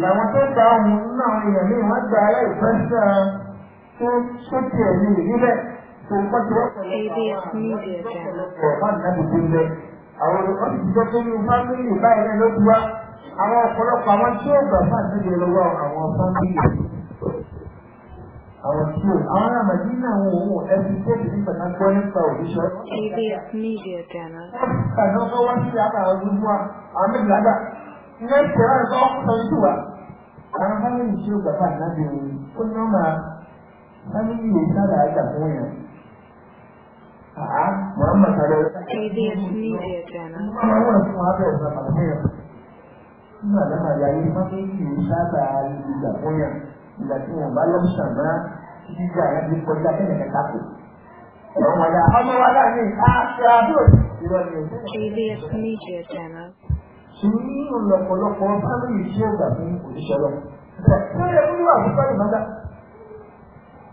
làwọn tó ta ọmọ nínú àwọn èèyàn míì wọ́n gba aláìfẹ́ sáà tó sókè ẹ̀mí ìbílẹ̀ ABS Media Channel. Àwọn olùkọ́ ti jọ pé ní fámìlì báyìí náà ló ti wá. Àwọn ọ̀pọ̀lọpọ̀ àwọn tí ó gbà fún àtúnṣe lọ́wọ́ àwọn fámìlì. Àwọn tí ó àwọn àmàdí náà wọn òun ẹbí tó ti nípa náà gbọ́ nípa òṣìṣẹ́. ABS Media Channel. Wọ́n ti kà lọ́kọ́ wá sí àbá àwọn olùkọ́ àwọn méjì lágbà. Ilé ìṣẹ̀rọ ẹ̀kọ́ ọkùnrin tó wà. Àwọn fámìlì tí ó gbà fún àtúnṣe ó ní wọ́n máa fámìlì yìí sára àgbà fún yẹn. Muhammad Sade. ABS Media Channel. Àwọn ọ̀sán abẹ́ ọ̀sán màdàmẹ́ yẹn. Nígbà náà àyà yìí máa ń kì í sábà fún yàn. Ìgbà tí wọ́n bá lọ́mú sàmá jíjà yẹn ti kọjá kẹ́lẹ̀ ọmọ wa náà ní àṣà àbúrò. ABS Ṣé ẹ kúrò àbúkọ́ ìmọ̀dá?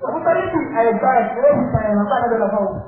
Àbúkọ́ yìí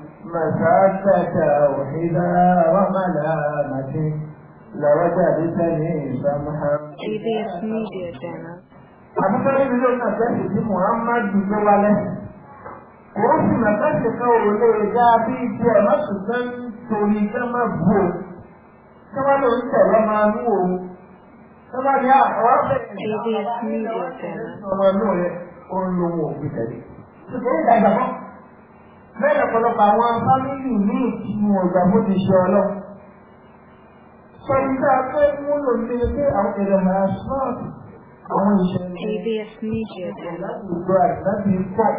مسافة وحذا وملامة لوجدتني سمحا Àbúkẹ́rẹ́ ilé náà tẹ́sì tí Mùhàmmadu ló wá lẹ́sìn. Kò ó sì máa tẹ́sì kan ò lè dá bí ibi ọ̀nà tuntun torí kẹ́ máa bù ó. Sọ́wọ́n ló ń tẹ̀lé máa nú òun. Sọ́wọ́n ní àwọn ọ̀rọ̀ bẹ̀rẹ̀ ní ọmọ inú rẹ̀ ó ń lo òbí tẹ̀lé. Ṣùgbọ́n ìdàgbàsókè bẹ́ẹ̀ lọ́pọ̀lọpọ̀ àwọn fámìlì míì tí wọn gbà mú ti ṣe ọlọ́ sọ iṣẹ́ pé mú lò ní pé àwọn ìrẹ̀mọ̀ àṣọ́ọ̀tì àwọn ìṣẹ̀lẹ̀ lágbègbè àìsàbí pọ̀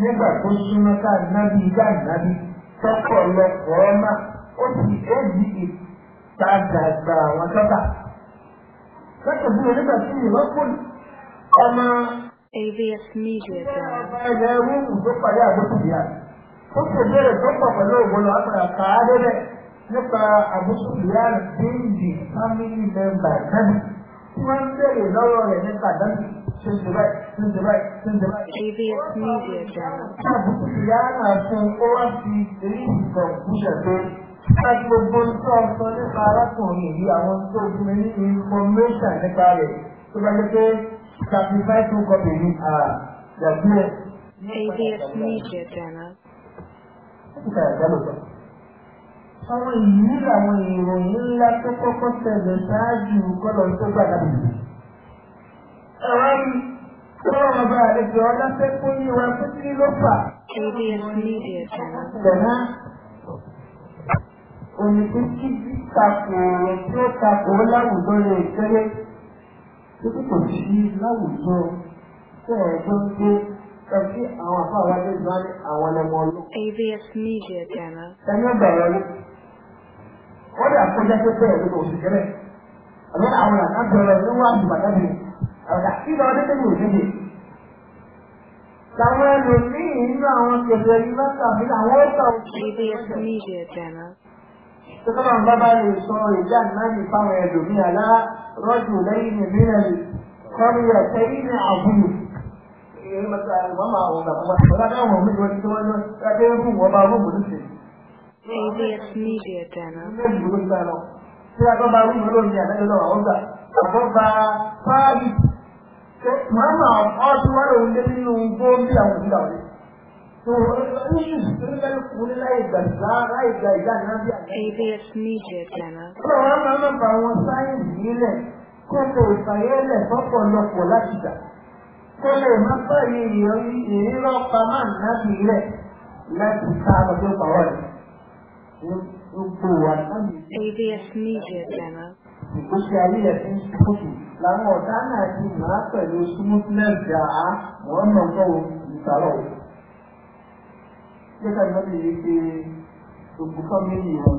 nígbà tó súnmọ́ ká nábì ìgbà nábì tọ́pọ̀ lọ́pọ̀ ọmọ ó ti ó di ìtajà àwọn tọ́ta lọ́pọ̀ bí onígbà tí ìrọ́pò ọmọ AVS Media. Ẹgbẹ́ ẹgbẹ́ ẹgbẹ́ ẹgbẹ́ ẹgbẹ́ ẹgbẹ́ ẹgbẹ́ ẹgbẹ́ ó sì béèrè tó pọ̀ pẹ̀lú ògbóló àpàdà ká á débẹ̀ nípa àbúṣùlùyà déyìí family member kẹ́mi tí wọ́n ń béèrè lọ́wọ́ rẹ̀ nípa àdámì Media Channel. àbúṣùlùyà náà fún ó wá fi èyí ìgbọ̀n búṣẹ̀ pé nípa gbogbo tó ń sọ nípa arákùnrin yìí àwọn tó fún mi ní information nípa rẹ̀ Media Channel títà ìdálòpọ̀. àwọn èyí làwọn ìròyìn ńlá tó kọ́kọ́ tẹ̀lé ṣáájú kọ́lọ̀ tó gbà lábẹ́ ẹ̀rọ yìí kọ́lọ̀ ọba àlejò ọlọ́pẹ́ kó yí wa tó kí ló fà. Òyìnbó kí takò ọ̀rọ̀ tí ó takò láwùjọ yẹn ìkẹ́lẹ́ tó kò sí láwùjọ tẹ́ẹ̀ẹ́dọ́gbé AVS Media Channel. ẹni ọgbà ẹ̀rọ ni wọ́n dà kó jẹ́ pé bẹ́ẹ̀ ló lòdì sílẹ̀ àmọ́ àwọn àkáǹtì ọ̀rọ̀ ló wà jù bàtà bìí ọ̀dà kí lọ dé tẹ́lẹ̀ òṣèlú. Làwọn ẹlòmíì nínú àwọn kẹfẹ́ yìí bá tàbí AVS Media Channel. Tọ́lá ń bábá lè sọ ìjà náà ní fáwọn ẹlòmíì alá rọ́jù lẹ́yìn ìbílẹ̀ kọ́rí ẹ̀tẹ́yìn àbúrò ìyẹn máa ta ìwọ́n máa wọ̀ gbàgbọ́ wa. Ọ̀la káwọn mi wọ́n ti wọ́n yọ káké fún wọn máa wọ́n bòlú sí. ABS Media Channel. Ilé ìgbòho ìgbà lọ. Ṣé àgbọ̀ bá rúbọ̀ lónìí àdájọ́ náà wọ́n gbà? Àgbọ̀ bá fáàlì. Ṣé màmá ọtí wá lòun dé nínú gbóńbí kó lè má pẹ̀lú ìrírọ́ pamọ́ ànábì rẹ̀ láti ká ọjọ́ pàwọ́ rẹ̀. Gbogbo ànábì. ABS Media Channel. Ìgbésí ayé ẹ̀ ti ń sọ́kù. Làwọn ọ̀dá náà ti máa pẹ̀lú Súmúsílẹ̀m jà á wọ́n mọ̀ gbọ́wọ́ ìsàlọ̀. Ṣé ká ìgbọ́dọ̀ yìí ṣe òkú fọ́mílì wọn?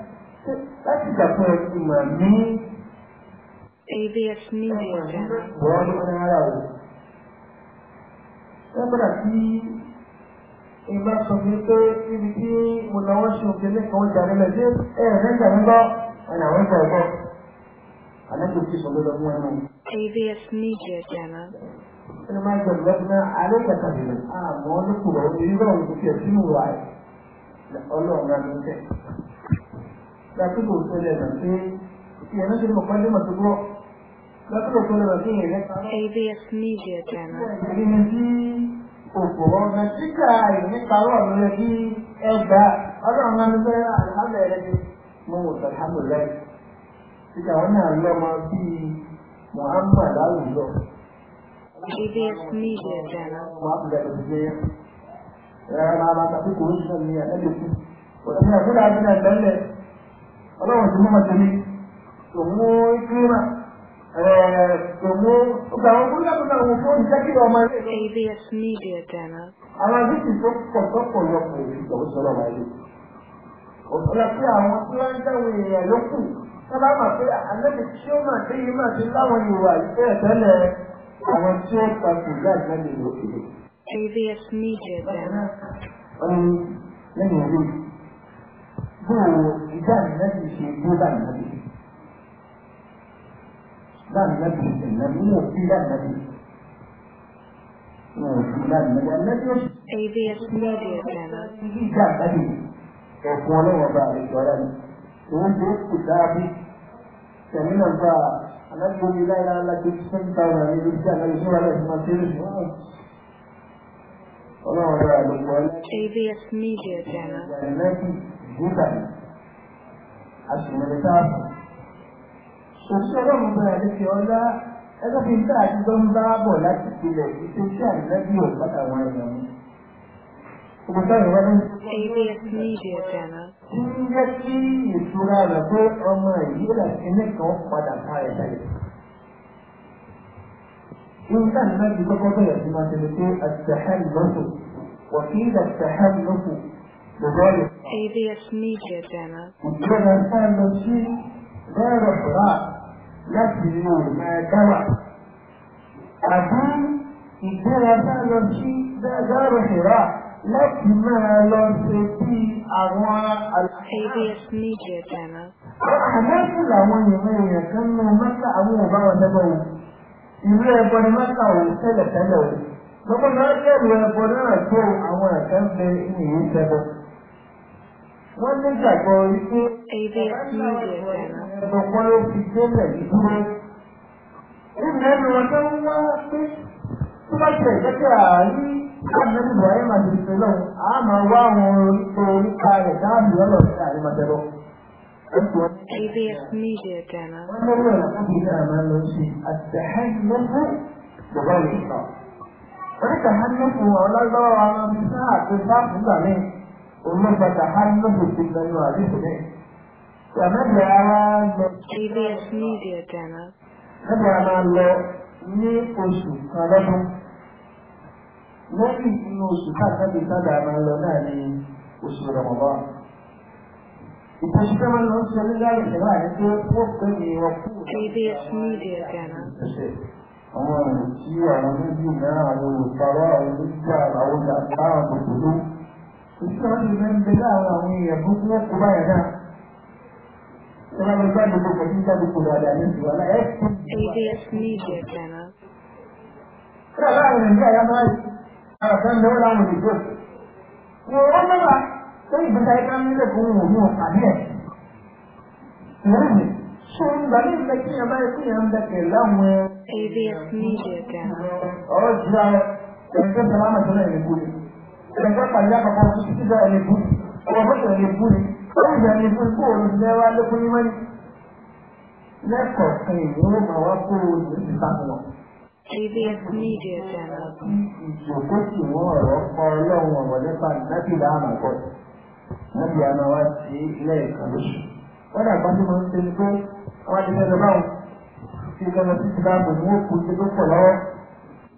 láti ìgbà tó ẹ ti mọ̀ ní. Media Channel. wọ́n ní wọ́n rárá o. wọ́n gbọ́dọ̀ sí ìgbà sọ fún mi pé níbi tí mo náwó ṣe òkè lẹ́kọ̀ọ́ wọ́n jà nílẹ̀ ṣé ẹ ẹ̀ lẹ́gbà mi lọ ẹ̀nà àwọn ẹ̀gbà ẹ̀gbọ́. àlejò ti sọ lọ́dọ̀ fún Media Channel. ẹni máa ń gbẹ̀rù lọ́dún náà alẹ́ kàkà sílẹ̀ àmọ́ ní kùrọ̀ ìrírí ọ̀rọ̀ ìgbésẹ̀ sínú wa ọlọ́run náà ló لكن هو سلبا في يعني في المقدمة تقرأ لكن هو سلبا في ABS Media Channel يعني في òpòrọ̀ ọ̀nà síkà ìníparọ̀ mi lè fi ẹgbà ọdún ọ̀nà mi fẹ́ àlùmọ́lẹ̀ rẹ̀ ti mú wòsàn alhamdulilayi síkà wọn náà lọ́mọ bíi Muhammad awùjọ. CBS Media Channel. Muhammad Abuja ẹ̀rọ máa ma tàbí kò ń sọ ní ẹ̀ẹ́dẹ̀kú. Òtún ẹ̀kú dàbí náà lọ́lẹ̀ ọlọ́run ti mú wọn tẹ̀lé tòmú ìkírà tòmú ọgbà àwọn kúrúkà náà wò fún ìjẹ́kìlì ọmọ ilé lọ. Media Channel. àwọn agbèsì tó pọ̀ tó pọ̀ lọ kò rí ìjọba sọ́lọ́ wáyé lò. àwọn tí wọ́n ń dáwọ̀ èèyàn ló sábà mà pé àlẹ́bí tí ó mà dé yìí mà ti láwọn ìwà ìfẹ́ ẹ̀tẹ́lẹ̀ àwọn tí ó ta kù láì lẹ́yìn Media Channel. lẹ́yìn ọdún bó ìdánilẹ́bi ṣe dúró dánilẹ́bi dánilẹ́bi ìlẹ́bi ní òfin dánilẹ́bi ní òfin dánilẹ́bi ẹ̀lẹ́bi ó AVS Media Channel. Ibi dánilẹ́bi ẹ̀kún ọlọ́wọ́ bá àlejò ọ̀la ni òun tó kù dáadé tẹ̀mí náà bá alágbóni láyé alágbé ten thousand ní ibi tí alágbé tó wà lẹ́sìn máa ṣe é lè wọ́n. Ọlọ́wọ́ bá àlejò ọ̀la. AVS Media Channel gúdàbí aṣèlérí táàbù òṣìṣẹ́ ọlọ́run bẹ̀rẹ̀ ní ti ọlá ẹgbẹ́ fi ń tà àtijọ́ ń bá bọ̀ láti ìpìlẹ̀ ìṣe sí àìlẹ́bí ò látàwọn ẹ̀yàn mi. Òkúta ìwà ní ti ń jẹ́ kí ìtura rẹ̀ pé ọmọ èyí láti ní kan padà ká ẹ̀ bẹ̀rẹ̀ sí máa tẹ̀lé pé àtẹ̀hẹ́ lọ́sọ̀ wọ̀kí ABS Media Demo. Ìjọba Media Demo. Ìlú ẹ̀bọ ni mọ́tà òun tẹ́lẹ̀ tẹ́lẹ̀ òun. Gbogbo náà kẹ́rù ẹ̀bọ náà tó àwọn ẹ̀kẹ́ ń bẹ ìyẹn tẹ́lẹ̀ wọ́n ní ìgbàgbọ́ wípé ọ̀pọ̀ ló fi délẹ̀ wípé ilẹ̀ ẹnu wọn ń wá pé tó bá ṣe ìgbẹ́kẹ̀ àárí láàrin buhari máa ti fi lọ́wọ́ a máa wá àwọn orípo orípa rẹ̀ dáàbò lọ́lọ́ sí àrí ABS Media Channel. Wọ́n lọ́wọ́ ẹ̀rọ fún mi máa lọ sí àtẹ̀hẹ́ lọ́wọ́ bàbá òyìnbó. Oríkà hàn ní fún ọ̀lá lọ́wọ́ àwọn àti sáà fún gbàmí. وما تحمل في المنوال فمدى ما TBS Media Channel مدى ما لو ní oṣù kan lọ́dún lẹ́yìn inú oṣù káàkiri sábà máa lọ náà ní oṣù rọ̀mọ̀bọ́ ìtẹ̀síkẹ́ máa lọ ń ṣe nígbà ìṣẹ̀lẹ̀ àti pé ó pè ní wọn kú àwọn ọ̀rọ̀ tí àwọn méjì náà àwọn olùpàwọ́ àwọn olùgbà àwọn olùgbà àwọn olùgbà ìṣọ́ọ̀lù rẹ̀ ń bẹ láàrin àwọn èèyàn tó kú ọkọ̀ báyà náà. ABS Media Channel. Kíláàbá àwọn ènìyàn yá máa ń àwọn kan lọ́wọ́ láwọn ìjọ. Wọ́n mẹ́wàá tó ìgbésà ẹ̀ka nílẹ̀ fún òun ní ọ̀pá ní ẹ̀. Wọ́n mi, ṣé ń gbà ní ìgbà kí ẹ̀ma ẹ̀kú yẹn ń bẹ̀kẹ̀ láwọn ABS Media Channel. Ọ̀rọ̀ jù àwọn ẹ̀ka sọ̀rọ̀ àmọ̀ sọ̀rọ̀ ẹgbẹ́ pàdé àpapọ̀ tó ti síbẹ̀ ẹni bú ọmọ bó ṣe bú ni ó ń jẹ́ ẹni bú kó o lè wá lókun ní mẹ́rin. lẹ́kọ̀ọ̀kan ìwé àwọn kó o lè ti bá wọn. TVS Media Channel. Ìjòkó sì wọ́n ọ̀rọ̀ kọ ọlọ́run ọ̀rọ̀ nípa nábìlá àmàkọ́. Nábìlá máa wá sí ilé ìkà lóṣù. Wọ́n dàgbà tó máa ń ṣe ni pé wọ́n á ti fẹ́ lọ báwọn. Ṣé ìjọba títí bá bò ní wọ́n kú ṣe tó pọ̀ lọ́wọ́?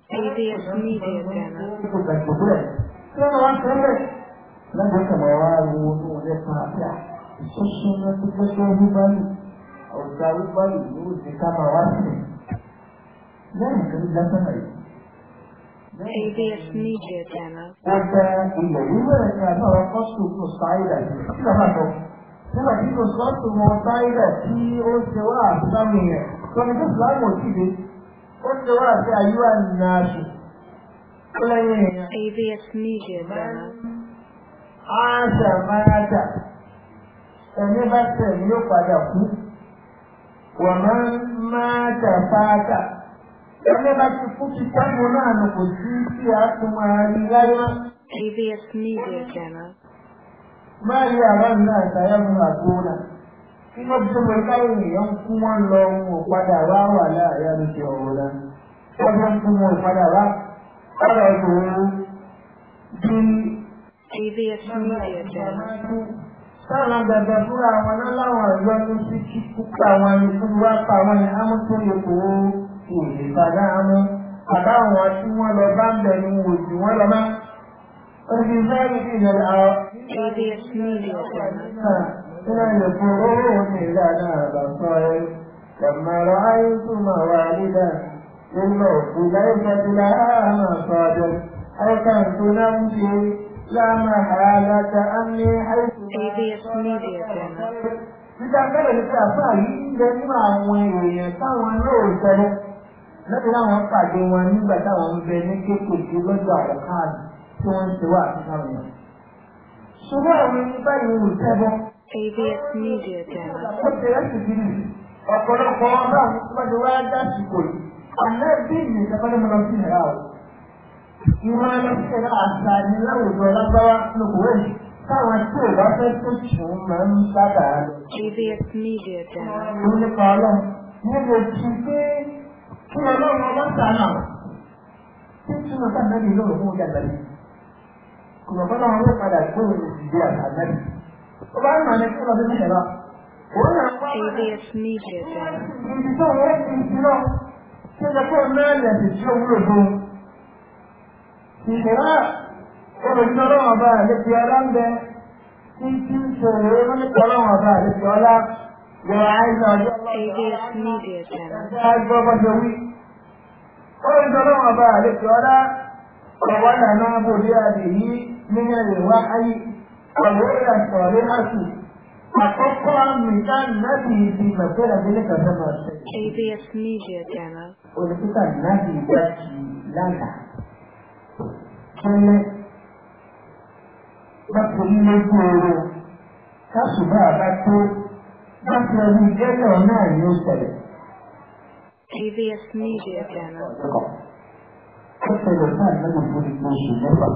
TVS Media Channel tí wọ́n wá sẹ́lẹ̀ lẹ́gbẹ̀ẹ́ kàmọ́ wá wo ní ọjọ́ kan àti àṣọṣọ náà tó gbẹ́gbẹ́ rúbálì ọ̀gá rúbálì ní òde ká máa wá sí lẹ́yìn tó ń dá sọ́nà yìí. APS Media Channel. Ọ̀pẹ ilẹ̀ wíwẹ̀ ni àtàwọn kọ́sùn tó sáyidà yìí sí bàbá tó. Nígbà tí kò sọ́ọ̀tù mọ sáyidà tí ó ṣe wá àti sámi yẹn, sọ ni kí Sùlámù ò tíì dé. Ó ṣe wá àti àyíwá nìyà ṣùgbọ́n. playing ABS Media Banner. Aṣàmáradà ẹni bá yóò padà kú. Wọ́n máa ń máa Ẹni bá ti kú ti tẹ́mu náà kò sí sí àtúmọ̀ láyé Media Máa àwọn mú bí ènìyàn kú lọ padà wá wà ọ̀rọ̀ náà. Wọ́n fẹ́ kú ọ̀rọ̀ ìṣòro bí sáàlá gbàgbà fúra àwọn aláwọ̀ ẹ̀gbọ́n tó sí kí púpọ̀ àwọn alùpùpù wá pa àwọn ẹ̀ ámú tó lè kó kò lè padà ámú àbáwọn tí wọ́n lọ bá ń bẹ̀ ní wò jù wọ́n lọ máa ó ti fẹ́ ní kí ìjọba àwọn إلى الفروع إلى نار الصيف لما رأيت موالدا إنه إليك بلا مصادر أركنت نفسي لا محالة أني حيث Nígbà bẹ́ẹ̀ ni pé àfáà yìí ń bẹ nínú àwọn èèyàn táwọn náà sẹ́lẹ̀ lọ́dún láwọn pàdé wọn nígbà táwọn ń bẹ ní kéékèèké lọ́dọ̀ àwọn káàdì ṣe wà àtúnṣàwọn èèyàn. Ṣùgbọ́n Media Channel ànábì nìkan kọ́ ló máa ń fi hàn áwọ̀. Ìwọ́n lọ sí ẹ̀rọ àṣà ni láwùjọ lágbára lókòwé. Táwọn tí ò bá fẹ́ tó tù ú máa ń sábà lọ. JVS Media dá. Mo nípa ọlọ́run. Níbo ti pé kí ọlọ́run ọba sànà? Títí mo sábà ní ìlú òun dàgbà yìí. Kùnàkọ́ náà wọ́n padà gbóhùn ìdílé àtàlẹ́bí. Ó bá ń rán ní kí ọlọ́run ní ẹ̀rọ. JVS Media dá. Ibi tó ń rẹ́ ti ń lọ tó jẹ kó náà lẹ̀sìn tí ó wúlò fún ìṣẹ̀lá olùdíjọ́ lọ́wọ́ ọba àlejò ọlá ń bẹ tí tí ń ṣe òwe lóníkọ́ lọ́wọ́ ọba àlejò ọlá yọ àìsàn ọjọ́ lọ́wọ́ ọba olùdíjọ́ lọ́wọ́ ọba àlejò ọlá ọ̀wọ́ nàná bòrí àdèyí nínú ìwà ayé ọ̀wọ́ ìyàtọ̀ rẹ̀ náà sì ABS Media Channel olùkíta náàbì ìdájì lánàá kẹ́lẹ́ bátorí lójú oorun káṣùbà bá tó láti ọdún jẹ́lẹ̀ náà ni ó ṣẹlẹ̀. Media Channel. Ó ṣẹlẹ̀ náà lẹ́nu fún ìgbà oṣù mẹ́fà.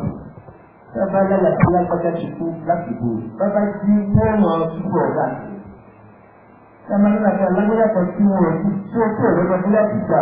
Bàbá lálẹ́ tí lágbájá ti kú láti bò. Bàbá jí bọ́ọ̀lù ọ̀túnbọ̀ ọ̀gá. Bàbá lálẹ́ tí alágbájá kan tí wọ́n ti tí ó tó ìrẹ́gbẹ́gbẹ́ láti gbà.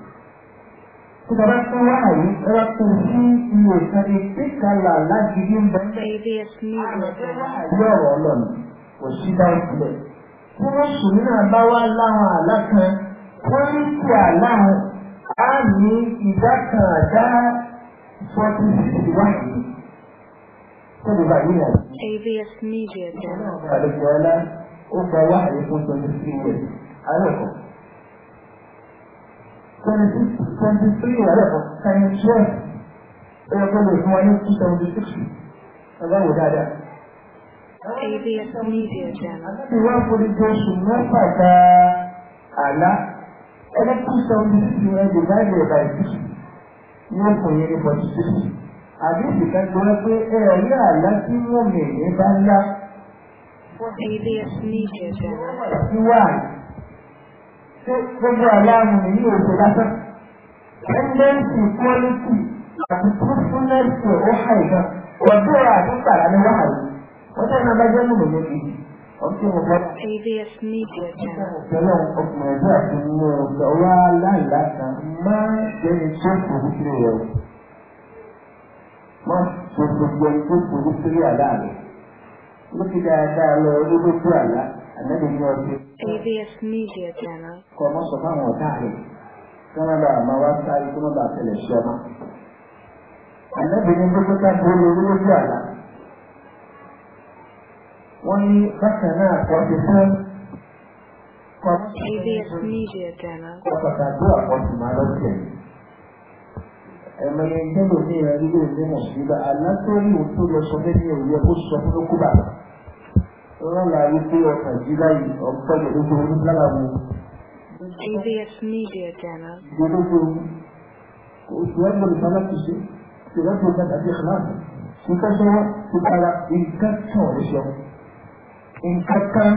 Previous news. Kò sí báyìí lẹ̀. Tí wọ́n sùn nínú àbáwá láwọn àlá kan, wọ́n ní kí àlá á ní ìdá kan àdá forty six wáyé. Sọ́dọ̀ báyìí náà. AVS Media Journal. Àlejò ọlá ó gba wáyé fún twenty three years. Àlọ́ kan twenty three whatever times twelve ó yẹ kó lè fún wa ní two seventy o ọlọ́wọ́ dáadáa. ABS Media Channel. Àti wá forí jẹ́ oṣù mẹ́fà gba àlá ẹni two seventy six ní ẹgbẹ̀rún báyìí by six yóò fún yẹn ní forty six. Àdéhùn kan ti wá pé ẹ̀rí àlá tí wọ́n ABS Media Channel gbogbo àláàmù nìyí òṣè lásán tẹ́ńdẹ́ǹsì quality àti truthfulness ó hàn gan ọdún ọ̀rọ̀ àti pàrà ní wàhálà wọ́n tẹ́ iná bá jẹ́ mú lòlẹ́ yìí ọtí mo bọ́ AVS media channel. ọ̀pẹ̀lẹ̀ ọkùnrin ẹ̀jẹ̀ àti ìwé ọ̀gá wa láìláta máa ń jẹ́ni tó fojú sílẹ̀ rẹ̀ o máa ṣe gbogbo ẹni tó fojú sílẹ̀ àlá rẹ̀ lókè dáadáa lọ orí lójú àlá. ABS Media Channel. Kọ̀ mọ́ sọ fáwọn ọ̀tá rẹ̀ kí wọ́n bá máa wá sáré kí wọ́n bá tẹ̀lẹ̀ sí ọmọ. Ànábì ní gbogbo ká borí orílẹ̀-èdè àlá. Wọ́n ní bákan náà kọ́ ti fún ABS Media Channel. Kọ̀ pàtàkì àkọ́sùn máa lọ́sẹ̀ yìí ẹ̀mọ yẹn gbẹ́dọ̀ ní ìrẹ́lẹ́ ilé ìlú nàìjíríà alátórí òtún lọ sọ fẹ́ ní òye kó sọ fún lókùbà wọ́n là yí pé ọkàn jí láyé ọ̀pọ̀ ìdókòwò ní lálàbò. AVS Media Channel. ìdókòwò òṣùwọ́n lórí sálákìsí ìrọ́pò ìgbàdà bí ìkìláàsì nǹkan sọ ti para nǹkan tàn ọ́ ṣe nǹkan kan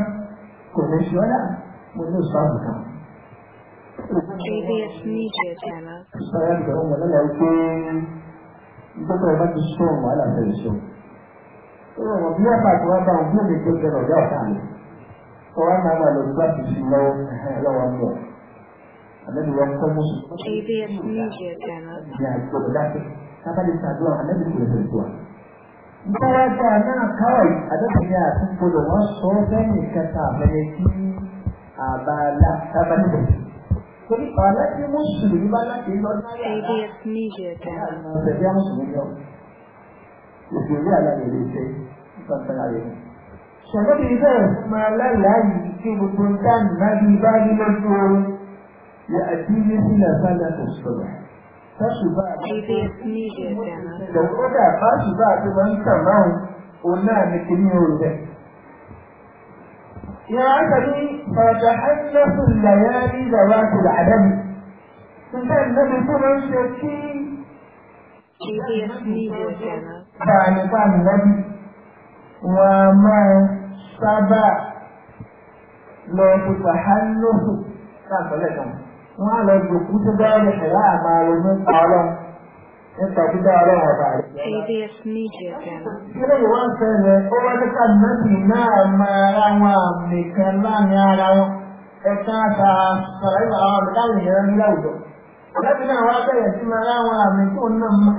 kò ní ṣe ọ́ dà mo ní oṣù àbùkà. AVS Media Channel. sọ́yà ìgbà wọn lọ́la wípé ìgbọ́kọ̀ ẹ̀ bá ti sọ̀rọ̀ wàhálà fẹ́ẹ́ sọ̀rọ̀ ó rọ̀ bí wọ́n pàtó wọn bá wọn bí èmi tó ṣẹlẹ̀ ọ̀gá ọ̀tá mi ọwọ́ máa máa lọ sí bá tìṣí lọ́wọ́ lọ́wọ́ mi ọ̀ àlẹ́bí wọn kọ́ mú sùn. ABS Media Channel. ìyá ìgbọ̀dọ̀ dákẹ́ sábàlì sàdúrà àlẹ́bí kò lè tó wa. bọ́wọ́ bá a náà káwọ̀ yìí àdébìnrin àti gbọdọ̀ wọ́n sọ bẹ́ẹ̀ni kẹta àbẹ̀rẹ̀ sí àbálá sábàlì bẹ̀rẹ̀. torí àlẹ́ tí mùsùlùmí bá láti lọ sí. ABS Media Channel. òkè ní àlàyé lè ṣe ìfàǹfààní àlè. ṣàgbọ́dì bẹ́ẹ̀ fún aláàlá yìí kí gbogbo dáàmì bá bí bá rí lójú oorun yà àti ní sílẹ̀ sálẹ̀ tó sọ̀rọ̀. Fáṣùbà kódà fáṣùbà tó máa ń tàn máa òun náà ní kíní orin bẹ́ẹ̀. يا عبدي فتحدث الليالي ذوات العدم كنت النبي صلى الله عليه وسلم dáadáa níwájú wọn a máa sábà lọ pípa hálóhù káàkọ́lẹ̀ kan wọn á lọ gbòkú tó bá rẹ̀ pẹ̀lú àmà rẹ̀ nípa nípa gbígbá ọlọ́run ọba rẹ̀. ABS Media Channel. kílẹ̀ ìwà ń fẹ́rẹ̀ ó wá ní kábínẹ́tì náà máa ra wọn àmì kan láàmì ara wọn ẹ̀ka àtà sàlàyé àwọn àmì táwọn èèyàn ń láwùjọ. ọ̀gá ti náà wá bẹ̀rẹ̀ sí máa ra wọn àmì tó náà máa.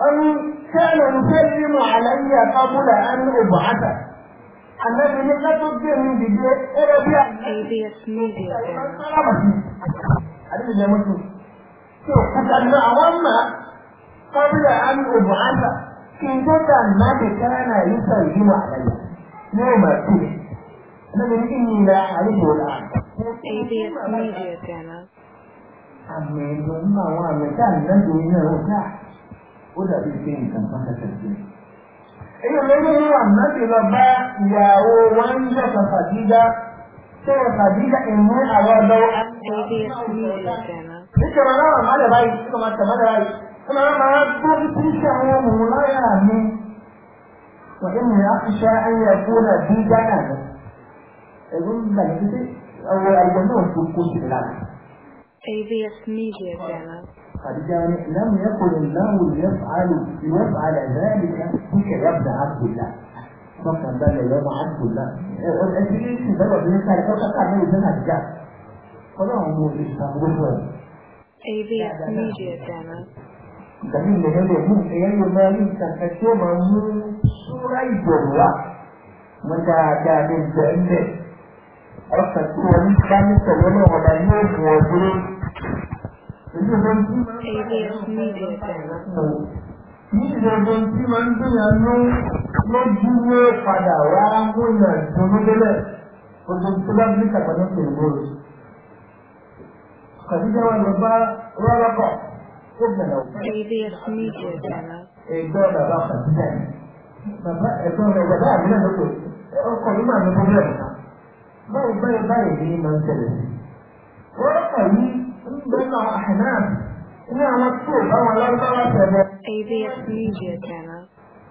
أم كان يسلم علي قبل أن أبعثه الذي تدري من بيجي أربيا هذه اللي مكتوب فكنا أولنا قبل أن أبعث كنت ما كان يسلم علي يوم الدين الذي إني لا أعرفه الآن ABS Media Channel. أمين أنا هو مكان الذي أ ó dàbí pé nǹkan kan kẹsẹ̀ sí i. èyí lórí mú ànábì lọ bá ìyàwó wọn ń jọ kàkàdídá tó wọ kàdídá ìmú àwọn ọ̀dọ́ nítorí náà màmá dẹ̀ báyìí nítorí màmá dẹ̀ báyìí nítorí màmá máa gbọ́ títí sí àwọn ọmọ òun láyà mi. وإن أخشى أن يكون بي جنابة يقول بل أو الجنون في الكوش الأرض AVS Media Channel خديجة لم يقل الله ليفعل ليفعل ذلك فيك يبدا عبد الله فكر بقى يبدا عبد الله إيه، إيش بدأ بنسأل فكر كان يوزنها الجاه فلا امور يستغربون AVS Media Demo. Da mi ne vedo niente, io mi aiuto a facciamo un suraibolla, ma da da del gente. Allora, tu non sai se volevo da noi, ABS Media Channel. Nígbà gbogbo tí máa ń gbìyànjú ló dúró padà wá gbóyè ìdúnúdélẹ̀ gbogbo tó bá bí kàkàdé pèlú bóòlù. Kàdíjà wà lọ bá rọ́lọ́kọ̀ tó bẹ̀rẹ̀ òfin. ABS bàbá Kàdíjà ni. Bàbá ẹ̀gbọ́n rẹ̀ bàbá àmì náà lókè. Ọkọ̀ yìí máa ní bọ́ọ̀lù ẹ̀ka. Báyìí báyìí báyìí ni máa ń tẹ̀lé. Wọ́n kà nígbà náà ní àwọn tí ò bá wọn lágbára tẹ̀lé. AVS Media Channel.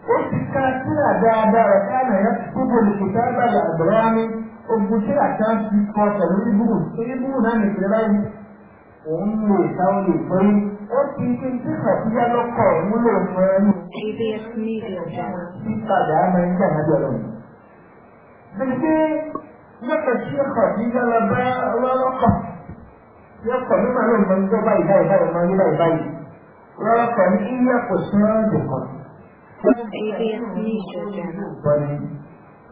ó ti ká sílà dáadáa rẹ̀ káàmì rẹ̀ gbogbo olùkùtà gbàgbà àgbẹ̀rẹ̀ wá ní ogun sílà kan ti kọ pẹ̀lú ibùdó tó ibùdó náà nìkìlẹ̀ báyìí. òun lè táwọn lè gbọ́ yìí. ó ti fi ń tíkọ̀ sí yálọ́kọ̀ múlò fún ẹnu. AVS Media Channel. nípadà á máa ń jà lábẹ́ ọ̀rọ̀ mi. gbèsè lọ́kọ̀ sí ọkọ̀ yóò kọ̀ nígbà náà mọ ní báyìí báyìí báyìí mọ ní báyìí báyìí wọ́n kọ̀ ní ilé ẹ̀kọ́ sí wọn dùn kan.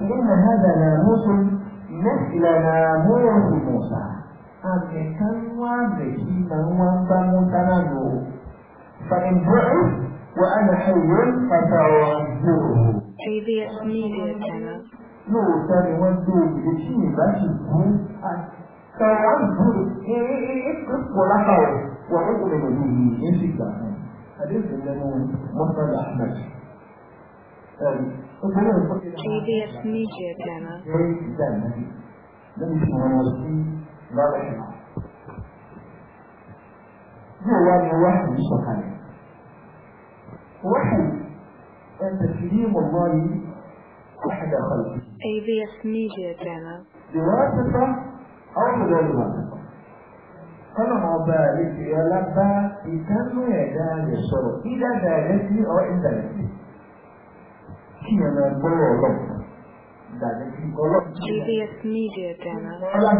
فإن هذا ناموس مثل ناموس موسى أمي كان وابي من وابا متنانو فإن بعث وأنا حي فتعذره ABS Media Channel လို့တန်ဝန်တို့ဒီရှိပါရှိဘူး فيعبد يكتب ونحوه ويؤمن به يمسك بقى حديث الإمام محمد أحمد TBS Media Channel. هو واحد مش وحيد واحد تسليم الله أحد خلقه ABS Media Channel بواسطة أول المعنى قال عبالك يا لبا يتم يدان الشر إذا دانتني أو إن دانتني كي أنا أقول لك GBS Media Channel. Hola,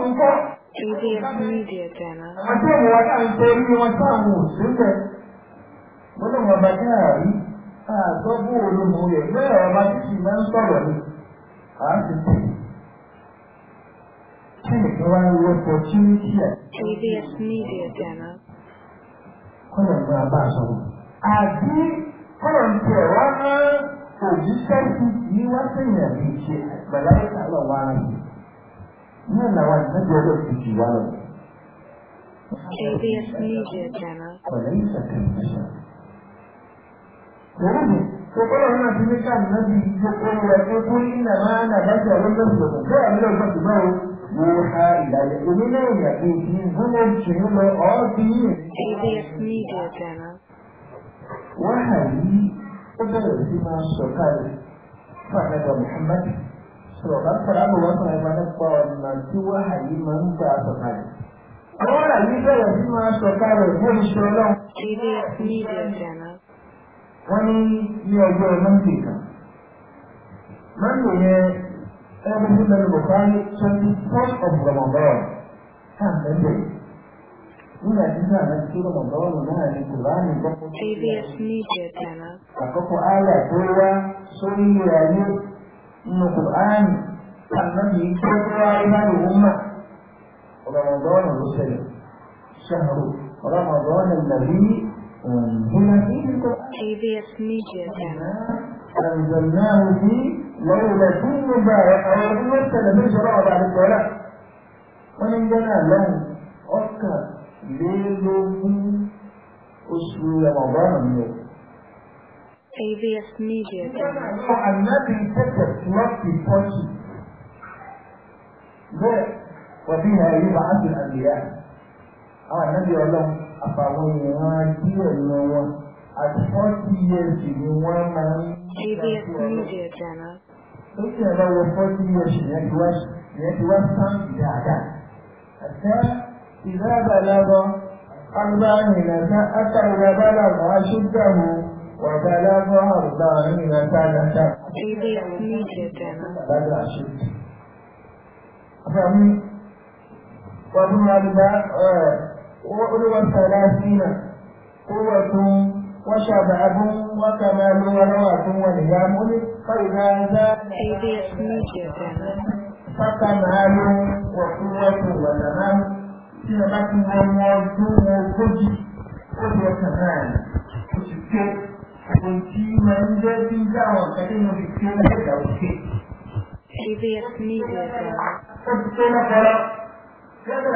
mejor. ABS Media Channel. Àti àwọn ọ̀tá ń pè ní wọn sáwọn òṣèlú gbọ́dọ̀ wọn bá jẹ́ àrí àtọ́gbó olómo rẹ̀ bẹ́ẹ̀ ọba títí máa ń sọ̀rọ̀ ni à ń ti pè. Kí ni kí Media Channel. Kọ́lọ̀ ń bá bá a sọ̀rọ̀. Àbí kọ́lọ̀ ń tẹ̀ wá mọ́ òjíṣẹ́ sí ní wá sẹ́yìn àbí ṣe àgbàlá Yine ne var? Ne diyorlar ki ki var mı? KBS Media Channel. Öyleyse kırmızı. Doğru mu? Sokol ọ̀nà tí níta nàbí ìjókòó rẹ̀ tó kú nínú máa ń àbájọ ọlọ́dọ̀ ìgbòho tó àmì lọ́gbà Sọ̀rọ̀ sọ̀rọ̀ àwọn ọ̀sán ẹ̀fọn nípa ọ̀nà tí wàhálì máa ń gbà sọ̀kalẹ̀. Àwọn àyè bẹ̀rẹ̀ sí máa sọ̀kalẹ̀ fún iṣẹ́ ọlọ́run. Wọ́n ní ní ọjọ́ Mọ́ndé kan. Mọ́ndé yẹn ẹni tí mẹ́rin bọ̀ fáyé twenty first of Ramadan kan mẹ́lẹ̀. Nígbà tí náà ní kí Ramadan náà ní Kùránì gbọ́kọ̀. Àkọ́kọ́ àyà tó wá sórí ayé من القرآن من يكتب عباد الأمة رمضان الرسل شهر رمضان الذي أنزل فيه القرآن أنزلناه في ليلة مباركة من شراء بعد الصلاة ومن جنا له أكثر ليلة oṣù رمضان ni AVS Media. النبي سكت وقت الفرش وبها يبعث الأنبياء àwọn ànábì ọlọ́run àfàwọn èèyàn díẹ̀ ní wọn àti forty years ni wọ́n máa ń tó sì ń lọ́wọ́ forty years ìyẹn ti wá ìyẹn ti wá sáǹtì dáadáa. àti ìlú àbàlábọ agbáyìn nàta àtàwọn abálàmọ́ aṣọ́gbàmù. وبلغ أربعين سنة بل عشرين فمن وهم وعلو ثلاثين قوة وشباب وكمال وروعة ونظام فإذا زاد فكمال وقوة ونظام tí a bá ti wọ ọmọ ọdún ohun tí máa ń jẹ́ bí dáwọn akẹ́kọ̀ọ́ fi tí ó ń ṣẹ̀dá òṣè. CBS Media Group. ó ti tó lọ́pọ̀lọ́ lẹ́gbẹ̀ẹ́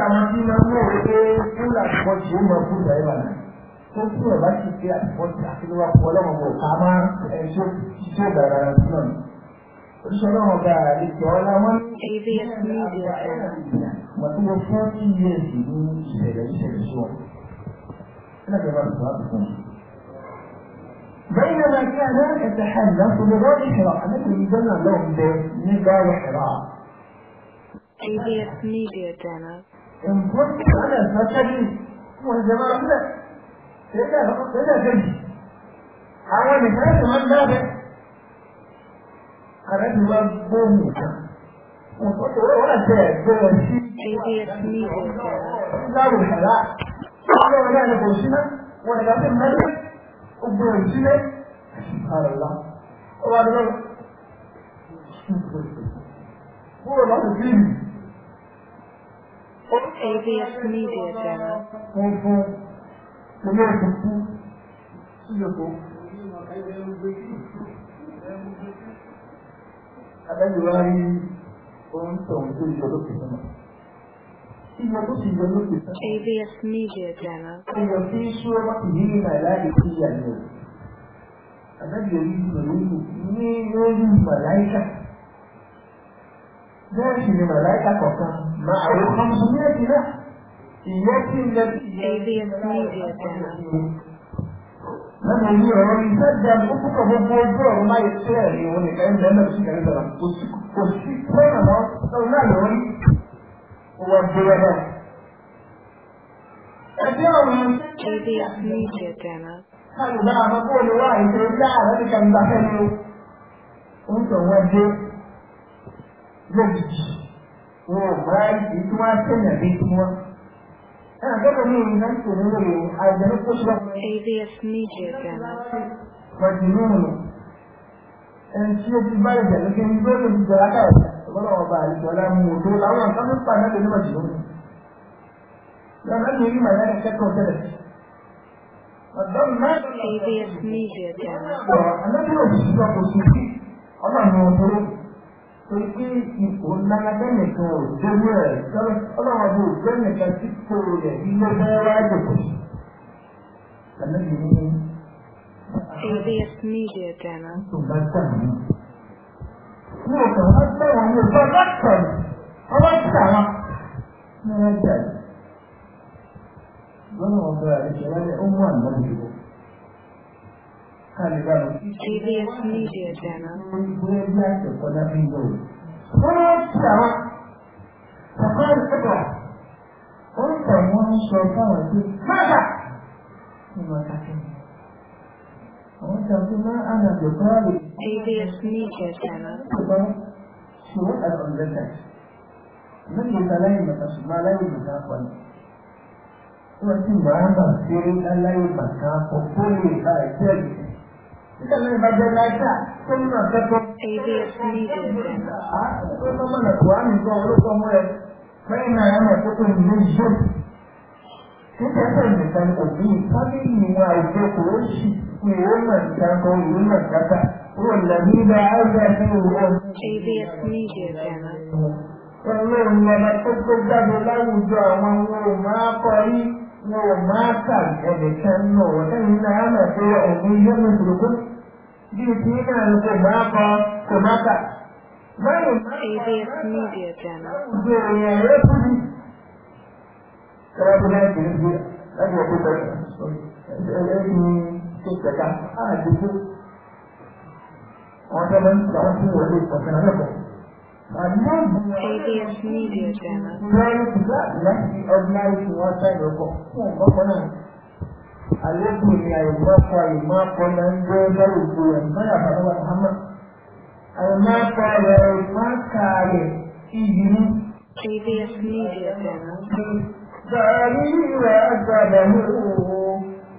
àwọn tí máa ń mú òwe pé fúlà àtìkọ́jì ó máa fún ìgbà ìlànà tó fún ẹ̀ bá ti ṣe àtìkọ́jì àti ló wá pọ̀ ọlọ́run kò ká máa ẹ̀ tó tó dàgbà náà sí náà. oríṣi ọlọ́run ga ètò ọlá wọn ní CBS Media Group. wọ́n ti lọ fún ọ́n tí yíyẹ ìdí ní ìṣẹ̀lẹ̀ ìṣẹ̀lẹ̀ sí wọn. بينما كان يتحدث بغار حراء الذي يدلنا لهم بغار حراء ABS Media Channel. Important أنا ما تجي والجماعة لا لا لا تجي. أنا مثلا من بابه أنا من بومي. وأنا تجي. ABS Media Channel. لا ولا لا. أنا ولا أنا بوشنا ولا أنا من ó gbé rẹ̀ sílẹ̀ àrẹ̀lá ó wá dúró kúrò láti fíìmù. AVS Media Channel. Wọ́n fún ilé ìdókú síjòkó. Adájọ́ wá rí ohun tó ń gbé ìjọ lókè náà. ABS Media Demo. Annabi Media Demo. KBS Media Demo. ท่านบ้ามาพูดว่าไอ้เจ้าหน้าแล้วจะจำได้ไหมผมส่งวันเดียวเลิกโอ้ไม่ดีตัวเส้นดีตัวถ้าก็จะมีนั้นถึงเลยอาจจะไม่พูดว่า AVS Media Demo วันนี้เนี่ยเอ็นซีบีบาร์เดอร์เรื่องนี้ก็จะได้ ọ̀gbọ́dọ̀ ọba àlùfọ́lá mú un tó láwọn nǹkan tó ń pa náà lórí màjìlú ni lọ́nà ní orí màjá ni kẹ́kọ̀ọ́ tẹ̀lẹ̀ ọ̀dọ́ mi máa ń lọ sí ọlọ́run ọ̀tọ́rọ́ torí pé ipò ńlá lábẹ́nì kan ò débú ẹ̀ ọlọ́run ọdún ògbẹ́nì kan tí kò rẹ̀ ilé bẹ́ẹ̀ wá jòkó sí. ABS Media Channel ní òkè wọn gbé wọn ní ọjọ́ tẹ̀lé ọwọ́ tí àwọn ní wọn tẹ̀lé. lọ́nà wọn ìṣẹ̀lẹ̀ ní ó mú àná ìṣòro. KBS Media Channel. Wọ́n lọ sí àwọn ọ̀pọ̀ ìṣẹ̀lẹ̀ orúkọ wọn ń sọ fáwọn ẹgbẹ́ mẹ́ta. Ìmọ̀ ìtàkùn. ABS Media Channel. Zan yi ta layin mata su ma layin mata kwanu. Ina cin ba an ba sai ɗan layin mata ko kone ba a kiyar da Ita layin ba da lafiya, sun na fito. ABS Media Channel. A, ko kuma na kuwa ni ko wani ko mu ya. Kai na yana kuɗin yin nítorí nìkan kò bí fábíyì wa ìjókòó ó sì fún ìwé nǹkan kan ìwé nǹkan kan ó lè ní bá ẹgbẹ́ ní ìwé ọlọ́run lọ́la tó tó jáde láwùjọ àwọn wọn ò máa kọ rí wọn ò máa kà ẹnìkan náà ẹ̀yìn náà mọ̀ pé ẹ̀yìn yóò ní ìdòkó bí ti náà ń kò máa kọ kò máa kà. ABS Media Channel tọ́lá tó náà kìí gbé láti ọ̀pọ̀ tẹ̀lé ẹlẹ́yìn tó tẹ̀ka àdúgbò wọn tẹ́lẹ̀ ń tẹ̀lé àwọn tí wọ́n lè pọ̀sẹ̀ náà lẹ́kọ̀ọ́. ABS Media Channel. Lọ́yìn ìgbà láti ọdúnláyé tí wọ́n sá ìrọ̀kọ̀ fún ọ̀gbọ́kọ̀ náà. Àlékún ni àìmọ́kọ àìmọ́kọ náà ń gbé lọ́rùkú ẹ̀ mọ́ àbálọ́wọ́ Muhammad. Àìmọ́kọ rẹ̀ ìmọ̀ọ́kà rẹ̀ ìyìn. ABS Media Channel. باري وأدبه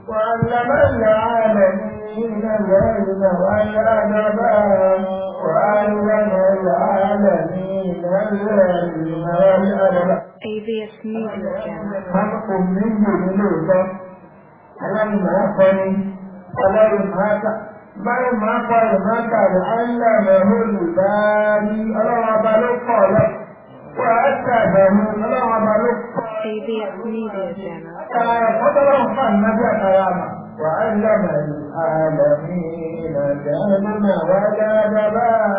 وعلم العالمين العلم والأدب وعلم العالمين العلم والأدب ABS Media Channel. حقكم مني للوزة ألم يقني ألم هذا báyìí máa kọ́ ìmọ̀ tàbí àìlàmẹ̀hó lùdárí ọlọ́run ọba ló kọ̀ lọ. wọ́n á tàbẹ̀mú ọlọ́run ọba ló kọ̀ ABS Media Channel. وعلم العالمين جهنم وجذبها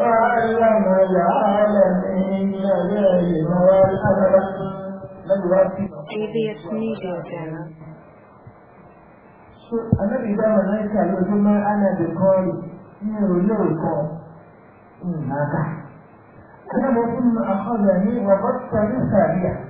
وعلم العالمين العلم والأمر ABS Media Channel. أنا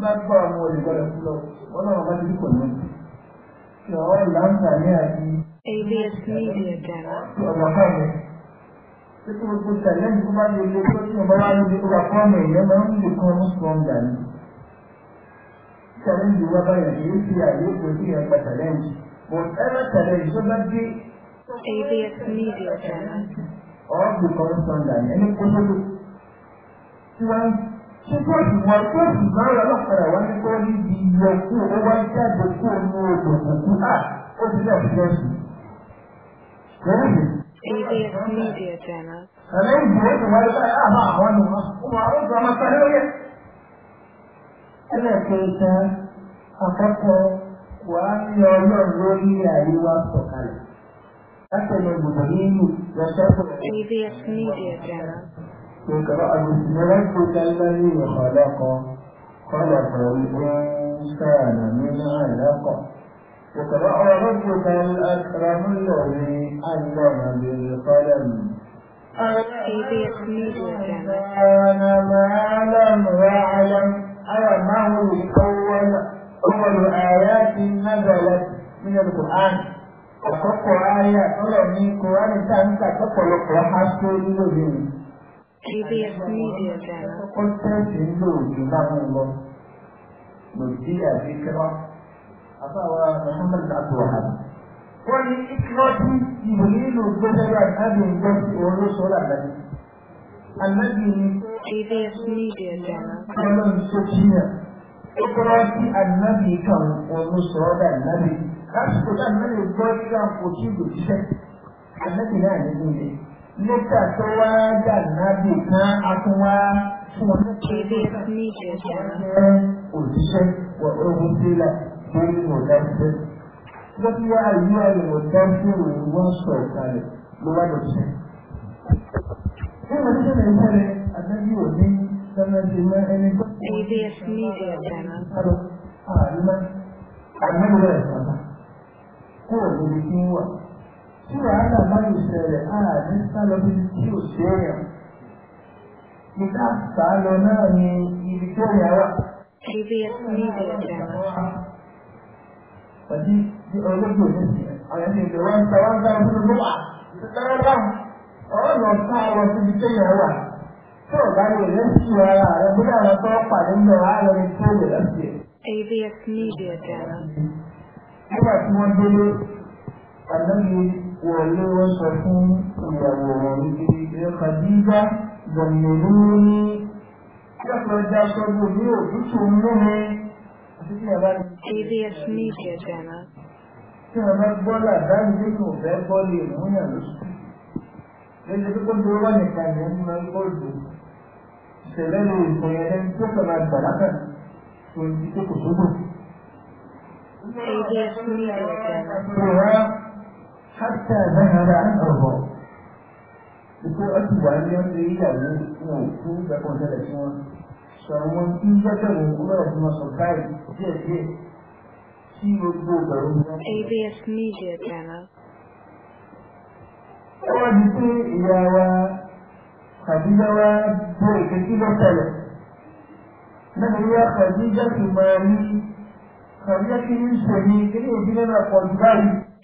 bá àwọn olùgbọ́dọ̀ sí wọn náà bá ti kò ní. ṣọ̀rọ̀ ìlànàmì àti. abs media dara. ọ̀nà kan mi. pé kí gbogbo ṣàlẹ́yìn tó bá yẹ owó tó tí ìbọn wá níbi tó bá fọ́ ọmọ èèyàn máa ń lè kọ́ ọmọ sọ̀rọ̀ gbà ní. ṣàlẹ́yìn wá báyọ̀ yóò fi àyè kò sí ẹ̀ pa ṣàlẹ́yìn. but ever ṣàlẹ́yìn tó bá dé. abs media dara. ọ̀ ṣé kóòtù wọn kóòtù náà lọ lọ́kọ̀ọ̀rọ̀ wọn ní kó ní di ilẹ̀ kú ó wá jáde kó ní òkùnkùn ó ti lẹ̀ fi ẹ̀sùn. ABS Media Channel. Ẹ̀rọ ìgbìmọ̀ tó wáyé báyìí àmọ́ àwọn ni wọ́n wọ́n àwọn ọ̀gá máa sáré lóye. Ẹlẹ́ẹ̀kẹta àkọ́kọ́ wà á yọ ọlọ́run lórí àríwá sọ̀kalẹ̀. Látẹ̀lẹ̀ gbogbo nínú ìrẹsẹ́kọ̀ọ́. ABS Media Channel. اقرأ باسم ربك الذي خلق خلق الإنسان من علق اقرأ ربك الأكرم الذي علم بالقلم كان معلم واعلم علمه أول أول آيات نزلت من القرآن ọ̀pọ̀pọ̀ ayé àtọ́lọ̀ ní kòránì tá ń tà tọ́pọ̀lọpọ̀ á tó nílò ABS Media Channel. Kọ́ńtẹ́ǹtì ń lò ní lábẹ́ lọ. Nàìjíríà ti kẹ́wà. Àtàwọn ọmọdé àti wàhálà. Wọ́n ní ìtìlọ́jú ìwé nínú gbẹ́sẹ̀rẹ́ àti ìgbẹ́sẹ̀ olóṣòlá àgbàdì. Àlẹ́bí ni ABS Media Channel. Kọ́lọ́ ń so kíyà. Ó kọ́lá sí ànábì kan olóṣòlá àgbàdì. Lásìkò tí ànábì gbọ́ ìgbà kò tí ì lò jíṣẹ́. Ànábì náà ní ilé nígbà tó wá dàgbàdì kan a tún wá fún un. kèdè ní ìjẹ̀jẹ̀. òṣìṣẹ́ wọ ohun tí la ṣe ń wọ̀ dáṣẹ́. lọ́kíyá ìlú àyẹ̀wò dáṣẹ́ òun wọ́n sọ ìkàlẹ̀ ló wá lọ sí. nínú tí mo ń sẹ́lẹ̀ àtẹ́jú òní sọ́nà ti mọ ẹni tó. ABS Media Channel. àlùmọ́ àlùmọ́ rẹ̀ sọ̀rọ̀ kó o lè fi wà tí wàhálà bá lè ṣẹlẹ̀ ààrẹ sálọ bí tí ò ṣe èèyàn ìdá sálọ náà ni ibi tó yà wà. KBS Media Channel. Pàdé ní ọlọ́gbọ̀n ní sí àwọn ẹni ìlú wọn sọ wọn sọ fún ọdún wà. Ìṣẹ̀lẹ̀ bá ọ̀rọ̀ lọ sá lọ síbi tó yà wà. Tí ọ̀gá lè lè sí ara rẹ̀ bí àwọn tó pàdé ń bẹ̀rẹ̀ ààrẹ ní tó lè lọ́sẹ̀. Media Channel. Nígbà tí wọ́n délé, àlọ́ yìí wọlé wọ́n sọ fún ìyàwó wọn wípé ilé kàdíjà gbọ̀mìnú ní kẹ́kọ̀ọ́jà sọ́dún ní òtútù mú mi. AVS Media Channel. Tí wọ́n bá gbọ́ làdá ní kò fẹ́ gbọ́ lè mú yàn lóṣù. Lẹ́yìn tó gbọ́dọ̀ wọ́n nìkan ní ẹni máa ń gbọ́ ìlú. Ìṣẹ̀lẹ̀ lè sọ yẹn lẹ́ni tó fẹ́ máa gbà lákàtà tó ń di tó kò tó kò. AVS Media Channel. حتى ذهب عن أرضه ìkó ọtí wà ní ọdún ìyàwó wọn kú gbẹkọ tẹ́lẹ̀ tí wọn sọ̀rọ̀ wọn kí ń gbẹkẹ wọn kú lọ́rọ̀ tí wọn sọ báyìí díẹ̀ díẹ̀ tí gbogbo ìbẹ̀rù wọn. ABS Media Channel. ó wá di pé ìyá wa tàbí lọ́wọ́ bó ìkẹ́kí lọ tẹ̀lẹ̀ lẹ́nu ìyá kàdíjà tó máa ní kàdíjà kí ń sọ ní kíní òbí lẹ́nu àpọ̀jù báyìí.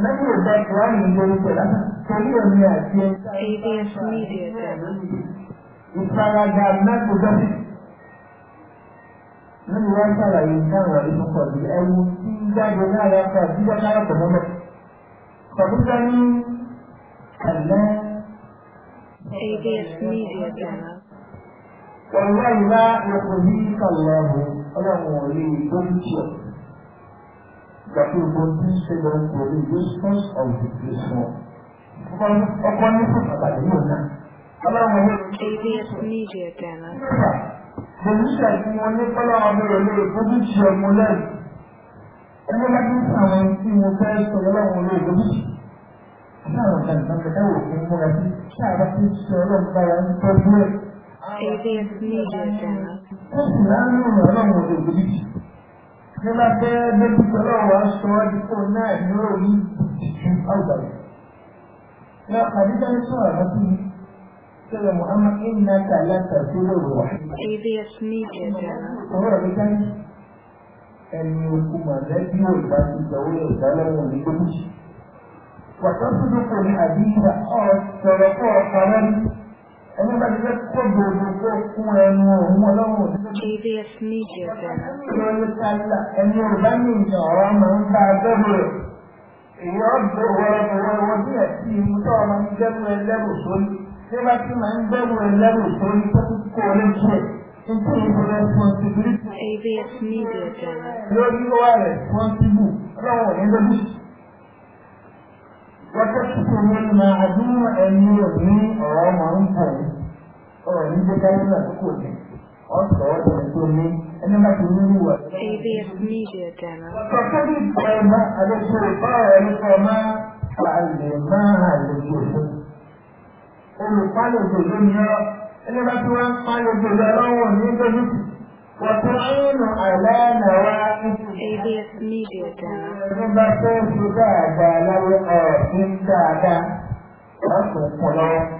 ABS Media Channel. Ìfaradà mẹ́kọ̀ọ́dọ́ nínú wọn ṣàlàyé táwọn ìfúnpọ̀ bí ẹwu tí jáde láàrin ọkọ̀ àtijọ́ lára pọ̀ mọ́mọ́. Kọ̀m̀pútà ní kàlẹ́. ABS Media Channel. Wọ́n wá ìlà ọkọ̀ yìí kàlọ́ ọ̀hún ọlọ́run ò lè dókítì ọ̀ gbàtí gbogbo tí ń ṣe lọ pẹ̀lú useless of the place wọn. ọkọ ní fún pàtàkì yóò ná. ọlọ́run ló ń ké media dana. Bẹ̀rù ṣàkí wọn ní kọ́láwọn bẹ̀rẹ̀ lórí Channel ní bá fẹ́ débi pẹ̀lú ọ̀rọ̀ sọ ọ́ di kó náà ní òní ìtìjú àgbàdo. Ní àdídá ń sọ̀rọ̀ lọ́dún yìí. Sọ̀rọ̀ Mùhàmmad Iná Kàlá Tàbílò Rùwà. ABS Media Channel. Ọ̀rọ̀ mi ká ní ẹni oku mọ̀lẹ́bí òyìnbá ti gbọ̀wé ìdálẹ́wọ̀n ní gbòmìnì. Wàtọ́ sódò kò ní àdídá ọ̀rọ̀ sọ̀rọ̀ fún ọ̀pá lọ́dún ẹni bá ti fẹ́ Media Ghana. lórí sáyà ẹni ní ọmọ ń gbẹ́rù ò ní ọ̀rọ̀ máa ń bọ̀ ní ọ̀rọ̀ ní jẹ́ káyé náà tó kò ní ọ̀sọ̀ ọ̀sẹ̀ tó ní ẹni má ti ní ìwà. ABS Media Demo. Ọ̀sọ̀kẹ́bí ọmọ àlejò báwọn ẹ̀rọ ọmọ àlè máa àlejò ló. Olùpálejò ló ní ọ. Ẹni bá ti wá ń pálejò lọ lọ́wọ́ ní lójú. وتعين على نواقص ABS Media Demo. Ẹni bá fẹ́ ṣe dáadáa lọ́wọ́ ọ̀sìn dáadáa. Wọ́n kò pọ̀ lọ́wọ́.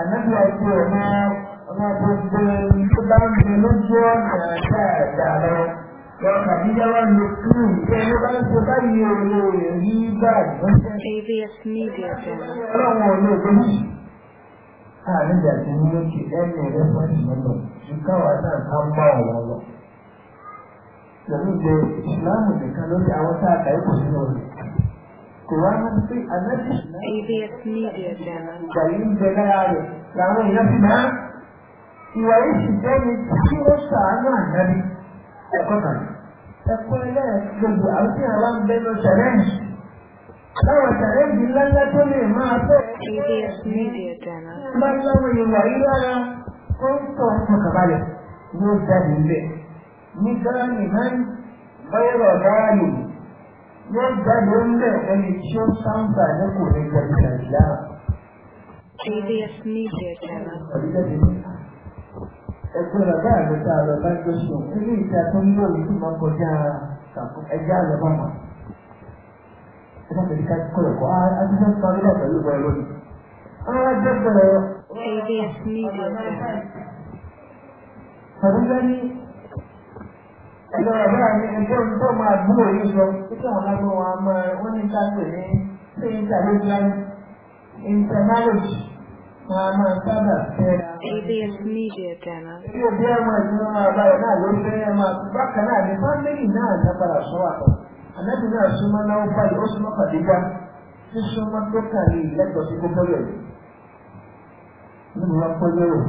ànábì àti ọmọ ọmọ gbogbo tó bá ń bẹ lójú ọ̀nà dáadáa lọ AVS Media Channel. Àníjà ti ní ẹni ẹ̀rẹ́ fún ìmọ̀lọ̀ ju káwà náà bá ọ̀wọ́ ABS Media Channel. làwọn èèyàn fi máa ìwà èsì jẹ́ni tí ó ṣàánú ànábi ẹ̀kọ́ kan. ẹ̀kọ́ ẹlẹ́ẹ̀kejì àwọn tí àwọn ń bẹ́nu challenge. láwọn challenge ńláńlá tó lè máa fẹ́. ABS Media Channel. bá láwọn ìwà ìlara ó ń tọ́ ọkàn kàbálẹ̀ ló jáde níbẹ̀. ní gánà ní máa ń báyọ̀ lọ́ọ́ yóò jáde ń bẹ̀ ẹni tí ó sáǹfà ní kò ní gbẹ̀dú nàìjíríà. JVS Media Channel. bàbá mi ta lọ bá Jọ́sùn nínú ìta tó ń lò yìí máa kọjá ẹgbẹ́ àlọ́ bá wọn. Ẹ bá mi ká kọ́ ẹ̀kọ́, a ti fẹ́ sọ nílẹ̀ pẹ̀lú ìwọ ẹ̀rọ yìí. Àwọn ajẹ́gbẹ̀rẹ̀. JVS Media Channel. Sọ̀rọ̀ ní ẹ̀lọ́ ọ̀dọ́ àmì ẹjọ́ tó máa gbúrò yìí sọ títí àwọn lágbó wọn a máa wọ́n ní káàpẹ̀ ní ṣé intermediate intermarriage wọn máa sábà fẹ́ra. ABS Media Channel. Ilé òbí ẹ̀ máa ti máa bá ẹ̀ náà ló fẹ́ ẹ̀ máa bákan náà ní fámìlì náà ń dábàrà sọ àpọ̀. Ànábì náà súnmọ́ náà pàdé ó súnmọ́ pàdé gbá tí tó kàlí lẹ́tọ̀ọ́ sí kókó yẹ̀ yìí. Nínú wọn kọ́ yẹ̀ wò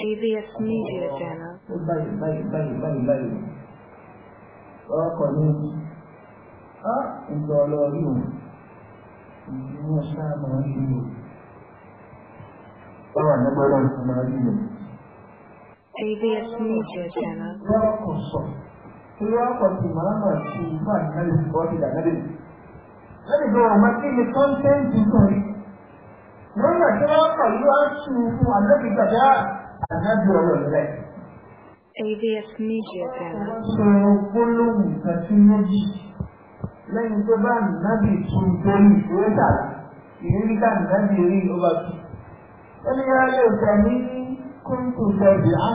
Media Channel. Ó báyìí báyìí báyìí báyìí ọkọ̀ ní á ìjọ ọlọ́rí òun ìdí wọn sáà máa ń lò ó wà nígbà náà tó máa ń ABS Media Channel. Wọ́ọ̀kọ̀ sọ tí wọ́ọ̀kọ̀ tí màá mà sí ìgbà náà lè fọ́ ti dàgbà dé. lẹ́yìn tó wọ́n máa kí ni kọ́ńtẹ́ǹtì kan rí. lọ́nà tí wọ́ọ̀kọ̀ yóò á sùn fún àlọ́bìgbàdá àdájọ́ ọ̀rọ̀ rẹ̀. AVS Media Group. Wọ́n sọ gbólóhùn kan sí méjì lẹ́yìn tó bá nàbì tún torí ìwé tàbí ìrírí ká nàbì rí ọba tù. Ẹni yára lè fẹ́ ní kúńtù tẹ̀lé àná.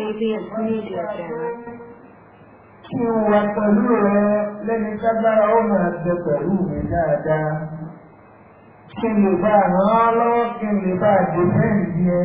AVS Media Group. Kí n wà pẹ̀lú rẹ lẹ́ni tágbára ó máa jẹ pẹ̀lú mi dáadáa. Kí n lè bá ràn án lọ́wọ́ kí n lè bá dé fẹ́ǹdì ẹ.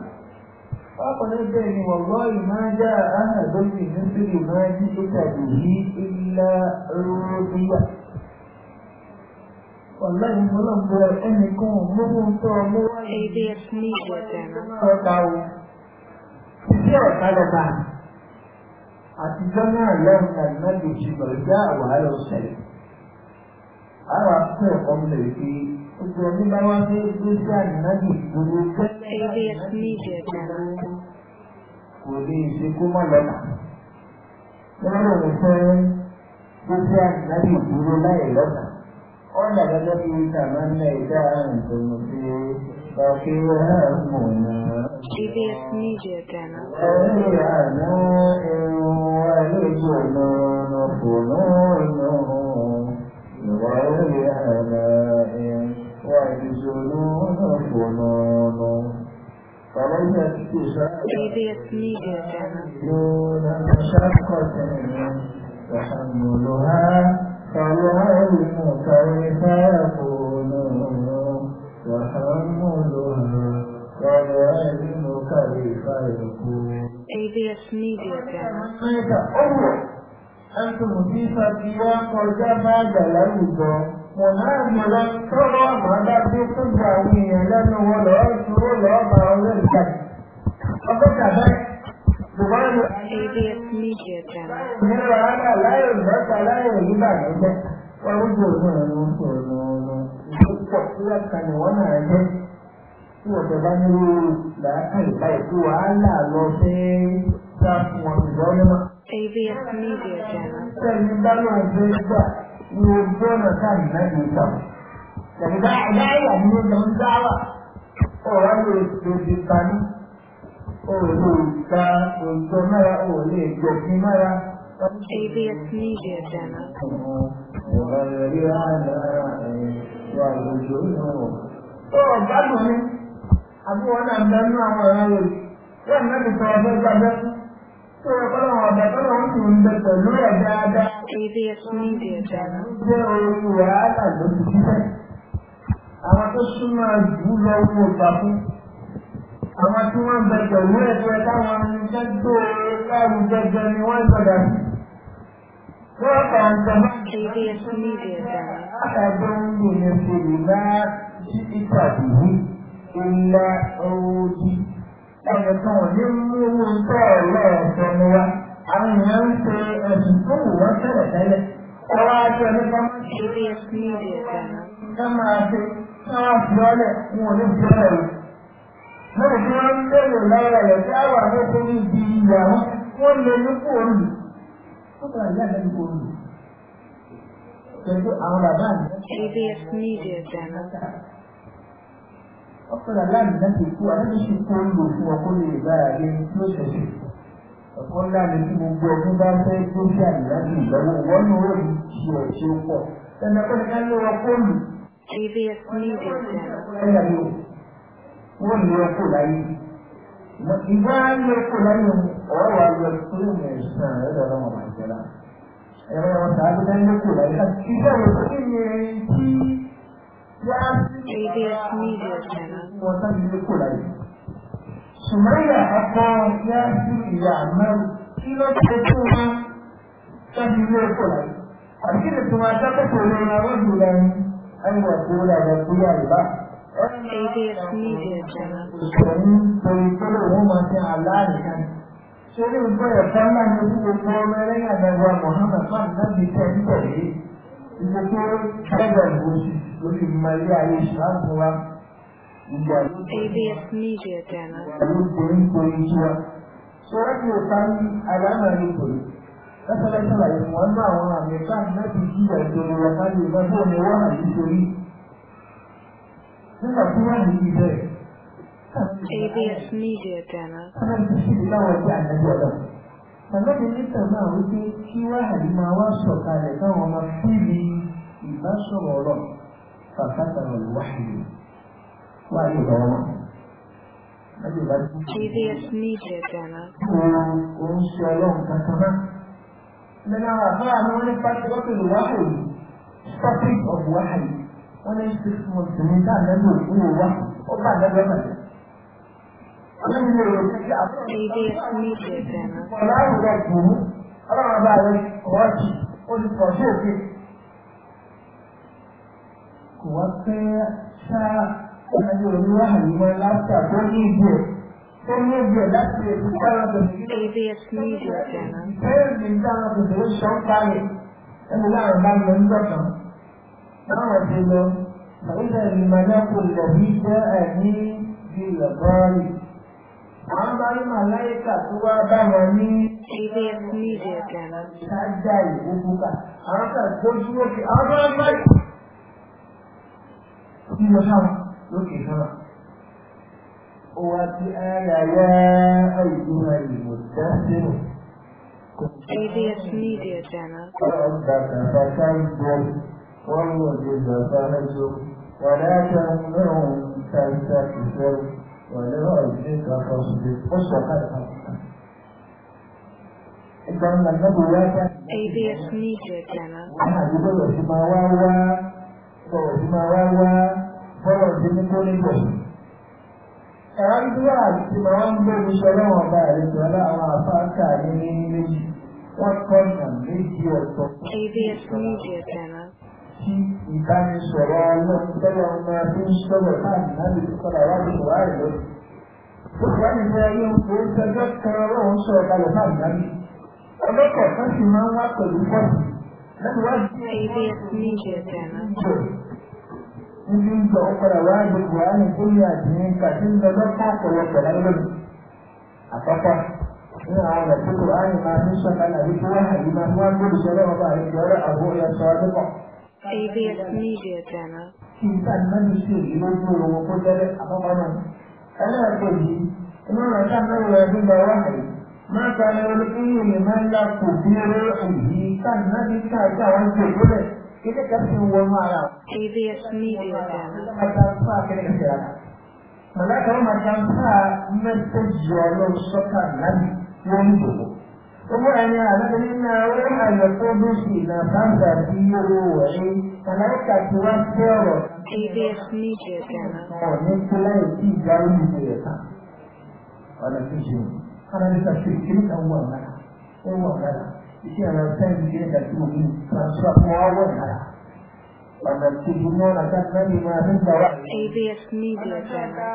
فقد أدعي والله ما جاء أنا بيت مثل ما جئت به إلا رضي والله ولم يرى أنكم مبتوم ABS Media Channel. Ṣé ọ̀tá lọ́ba? Àtijọ́ náà lọ́rùn tàbí mẹ́jọ ṣùgbọ́n ìjà àwọ̀ ayọ̀ Àwọn akẹ́kọ̀ọ́ mi lè Previous media channel. Previous media channel. ABS Media Channel. تحملها فالعلم كيف يكون وحملها فالعلم كيف يكون ABS Media Channel. أنتم في فتيات وجمع للعباد မနာမလာသောမာဒပြုစုပါဝိယလည်းနဝလောသုလောဘာဝလည်းတက်အပကတဲ့ဒီမှာ ABS Media Channel ဒီမှာကလည်းလက်ကလည်းဒီမှာလည်းဝရုဒ္ဓဆိုလို့ဆိုလို့ဒီကပြတ်ကနဝနာရဲ့ဒီကဘာလို့လာခိုင်လိုက်ကွာလာလို့စေစပ်မွန်ဇော်မှာ ABS Media Channel စံတမ်းမှာဒီက ní ojú ọ̀nà táyì lẹ́nu ìtàn. Ṣèlúdá ẹ̀dáyà ni ó lọ ń dáwà. Ọ̀rọ̀ lè lòdì pani. Ọ̀rọ̀ lè gba òjò mẹ́ra, ọ̀rọ̀ lè gbẹ̀sìn mẹ́ra. ABS Media Channel. Ọ̀rọ̀ gbádùn ni, àbí wọn náà bẹ́ẹ̀ nú àwọn ọ̀rọ̀ rẹ̀. Wọ́n náà ti sọ ọ̀fẹ́ gbàgbẹ́. Ṣé ọ̀pọ̀lọpọ̀ ọ̀dọ̀ tó lọ́wọ́ ń bẹ pẹ̀lú ẹ̀ dáadáa? previous media channel. Àwọn tí wọ́n bẹ pẹ̀lú ẹ̀jẹ̀ táwọn irinṣẹ́ gbòòrò láwùjọ jẹ ni wọ́n gbọ̀dọ̀ sí. Wọ́n kà ń sọ máa ń ṣe previous media channel. Àtàgbọ́n ń lò ní ṣèlú bá sí ìtàkùn yìí. Ìlà òòjì. Ẹnìkan ò ní mú owó ń tọ́ ẹ̀sọ́ ni wá àwọn èèyàn ń ṣe ẹ̀sùn tó wù wọ́n tẹ̀lẹ̀ tẹ́lẹ̀ ọwọ́ ajé ọdún bá máa ṣe orí ẹ̀sìn ẹ̀ máa ṣe kí wọ́n fi ọlẹ̀ fún òní fi ọlẹ̀ rẹ̀. mo rò pé wọ́n ń bèrè àwọn àkókò ní ibi ìyàwó wọ́n ní kó o lù ní kó àwọn bàbá mi. ABS Media Channel. ọ̀pọ̀ làlá mi láti kú àlejò ṣe ẹ̀kọ́ ńlá ni tí gbogbo ọdún bá fẹ́ tó ṣe àyíláàbí ìdánwò wọ́n ní orí ṣe ẹ̀ ṣe ń pọ̀. ẹnìkan ká ló wọ fóònù. JVS Media Channel. láyé. ìgbà ní ọkọ̀ láyé ọ̀rọ̀ wa lọ sí ìmọ̀ ìsàn ẹ̀rọ ọmọ àjẹlá. ẹ̀rọ wọn tàbí ká ní ọkọ̀ láyé. ìgbà wo kí ni ẹni tí. JVS Media Channel. wọ́n sábà ní ọkọ̀ láyé. Sùmẹ́yà ọkọ yá sí ìyá mẹ́rin kí ló ṣe tó wá láti ilé ẹ̀kọ́ láyé. Àbí kí ni tuma dákẹ́kọ̀ọ́ lórí àwọn ìlú lẹ́nu ẹ̀yìnwá tó wọlé àwọn tó yá ìbá. Ìṣẹ̀yìn torí pẹ́lú òun máa ṣe àlàáríkà. Ṣé ní ìgbọ́ ẹ̀kọ́ náà ni ojú gbogbo ọmọ ẹlẹ́yìn àgbàgbà Mọ̀hámà Fáàlì náà ti tẹ̀ ń tẹ̀lé? Ìgbòkó ẹgbẹ̀rún oṣù lórí ìmọ̀ ilé ayé ìṣàkóso wa. ABS Media Channel. Sọ́rọ́dì Òtáni Alámàrí Pòlì, lọ́sọ̀lẹ́sọ̀lá ìwọ̀n náà àwọn àmì ẹ̀ka láti jí ìjọba Òtáni ìgbàgbọ́ ọmọ ẹwà àyè torí. Nígbà tí wọ́n ní ibẹ̀. ABS Media Channel. Sọ́rọ́dì ti ṣì láwọn ọjà àjẹjọ́dọ̀. Sàlọ́dì níta náà wípé kí wáhàlì máa wá sọ̀kalẹ̀ káwọn máa fún mi ìbásọ̀rọ̀ ọ̀rọ̀ fàkátà ọ̀lùwáhìlì. Previous media demo. Òun ṣe ọlọ́run kankan náà. Lẹ́nu àwọn àfúrà ni wọ́n ní pàṣípàṣẹ ìwáhù yìí. Topic of wáhù yìí. Wọ́n ní six months ní dáàbẹ̀bù ìwé wá. Ó bá àdájọ́ bàjẹ́. Previous media demo. Ọ̀la àwùrọ̀ kùnú. Ọlọ́run bá rẹ̀ ọ̀ọ́jì. Olùkọ́ sí Kò wá pẹ́ sáà ẹni oníwà àyíwá láfíà tó ní ìbú ẹ̀ tó ní ìbú ẹ̀ láti èyí dára bẹ̀rẹ̀ ní ABS Media Channel. bẹ́ẹ̀ ni dára bẹ̀rẹ̀ sọ ń parẹ̀ ẹni láàrín bá lọ ń dọ̀tàn láwọn ti lọ ìlẹ̀ ìmọ̀lẹ́kù lẹ̀bí jẹ́ ẹ̀mí bí lọ́gọ́rì. àwọn báyìí màláyíkà tó wá bá wọn ní. ABS Media Channel. ṣáájà ìgbókùkà àwọn kan gbójú òkè àwọn báyìí. Kí ló sáwọn? lókè sọ́nà ó wá sí ayáyá àìdúrà ìmọ̀ dásílù. ABS Media Channel. ABS Media Channel bọ́lọ̀ ti ní kó níbẹ̀. Ẹ̀rọ ìdúrà àti máa ń gbé iṣẹ́ lọ́wọ́n ọba àlejò aláwọ̀ àfáàkà ní ní méjì. Wọ́n kọ́ nà méjì ọ̀tọ̀. ABS Media Channel. Tí ìbánisọ̀rọ̀ ọlọ́tọ́lọ́ máa fi ń sọ̀rọ̀ láàrin láti fi kọ́ra wá lóṣù wá rẹ̀ lọ́sùn. Ó ti wá ní ìfẹ́ ayé oṣù ọjọ́ kan ọlọ́run sọ̀rọ̀ kalẹ̀ láàrin láti. Ọlọ́kọ̀ọ̀kan sì máa ń wá pẹ̀lú pọ̀jù níbi ń sọ ọ̀pọ̀lọpọ̀ wáyé buhari kúlẹ̀ àdìní kàtí ń lọ lọ́pọ̀ ọ̀pọ̀lọpọ̀ lọ́dún. àkọ́kọ́ ní àwọn ọ̀rọ̀ tó buhari máa ń sọ̀kalẹ̀ wípé wọ́n hàn yìí máa ń wá gbòdì sọ́dọ̀ ọba àti ọ̀rọ̀ àbó ẹ̀yà sọ̀rọ̀ ABS Media Channel. Kí n ta náà ní sí èyí lójú owó kó jẹ́lẹ̀ àkọ́kọ́ náà. Ẹlẹ́ẹ̀kọ́ yìí, inú ká náà lọ TVS Media Channel. Mereka macamnya menterjolong sokan dan mundur. Kemudiannya ada kena orang ada produksi dan bangsa biru ini mereka tuan sero. TVS Media Channel. Oh, ni selain tiga media tak. Ada sisi. Karena kita fikir awal mana, awal mana. iṣẹ́ ẹ̀rọ sẹ́yìn ṣe ẹ̀dàtí òní transfer fún ọwọ́ ìhàrá. Ọ̀nà kejì náà nàta mẹ́rin máa ń gbà wá. ABS Media Jẹ́nà.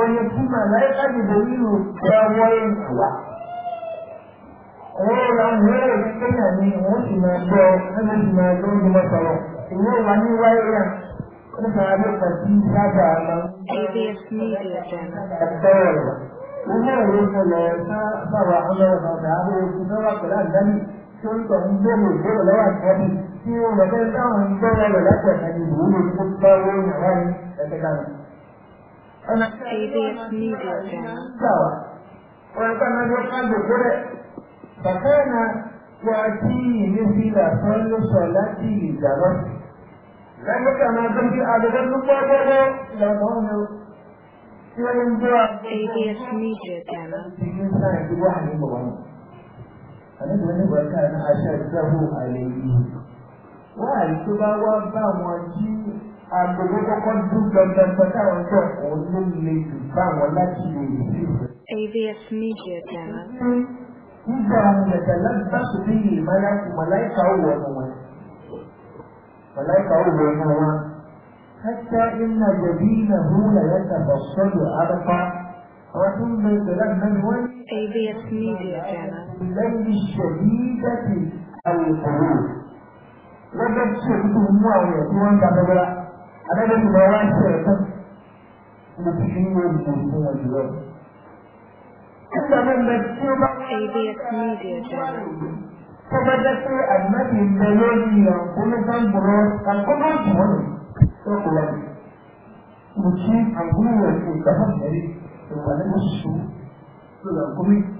Oye fún Màláíkà dìbò nínú ẹwọ́ ìwà. Owó ra ìwé òní Kenya ni wọ́n sì máa gbọ́ ẹgbẹ́ sì máa gbọ́ ní mọ́ sọ̀rọ̀. Ìwé wa ní wáyé náà. Ó máa ló kàn sí sábà máa. ABS Media Jẹ́nà. Ẹgbẹ́ ọ̀rọ̀. Ilé ìwé sọ̀rọ̀ sábà ọlọ́run ọ̀gá àwọn oṣù mẹ́wàá pẹ̀lú àdáni tó ń sọ ń gbèrò ìgbèrò lọ́wọ́ àtẹ́bí tí ó lọ bẹ́ẹ̀ táwọn ń gbọ́rọ̀ rẹ̀ lọ́pọ̀ ẹ̀mí ìlú ló tó bá owó ìyàwó ní ẹgbẹ́ dànù. ọ̀nà tí a yìí dé ní ìgbà ìgbà wa ọ̀rẹ́ kan náà ló ká gbogbo rẹ̀ bàtà náà wà tí ìlú fi là sọ ló sọ láti ìjà lọ. lẹ́yìn kan náà tó ń fi àgbẹ̀dẹ́ tó pọ̀ gbọ́dọ̀ ìyàwó ni ó tí wọ́n ń gbọ́ àgbẹ̀dẹ́ àlejò oníbàákà ní aṣọ ìṣẹ́gun àlè yìí. wọ́n àrí tó bá wá bá wọn tí agbègbè kọ́kọ́ dún gbọ̀ngbọ̀ngbọ̀n táwọn jọ òun ló lè jù bá wọn láti lè rí sí AVS Media Channel. Nígbà àwọn ẹ̀dá lágbàtò bí ìmáyà kù màláìka ò wọ̀ wọn. Màláìka ò wọ̀ wọn. Hátà iná jẹ̀bi iná húlà yàtà bàṣọ́dọ̀ àdọ́fà. Àwọn tó ń bẹ ìgbẹ́lá náà wọ́n. AVS Media Channel. ليل الشديدة القلوب لقد شئت موعية وانت بدلا أنا لم أرى شيئا مكشوما من هو اليوم Kepada si anak yang melodi yang tulisan berat, kan penuh semua. Itu pulang. Uji angkuri yang kita dari kepada musuh. Itu angkuri.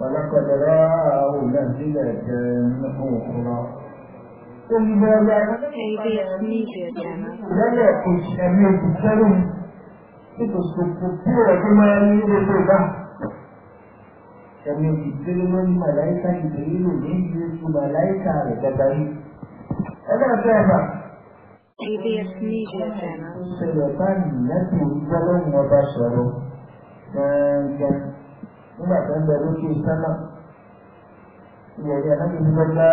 ولقد رآه نزلة أخرى لم يكن شامل بالكلم تستطيع كما يريدها كان يتكلم ملائكة جبريل ويجلس ملائكة على جبريل أنا فاهمة ABS Media Channel. Selotan net menggalon ngobasoro. Dan nígbà tó ń bẹ lókè sánà ìyẹ̀dẹ̀ náà ti fẹ́ bá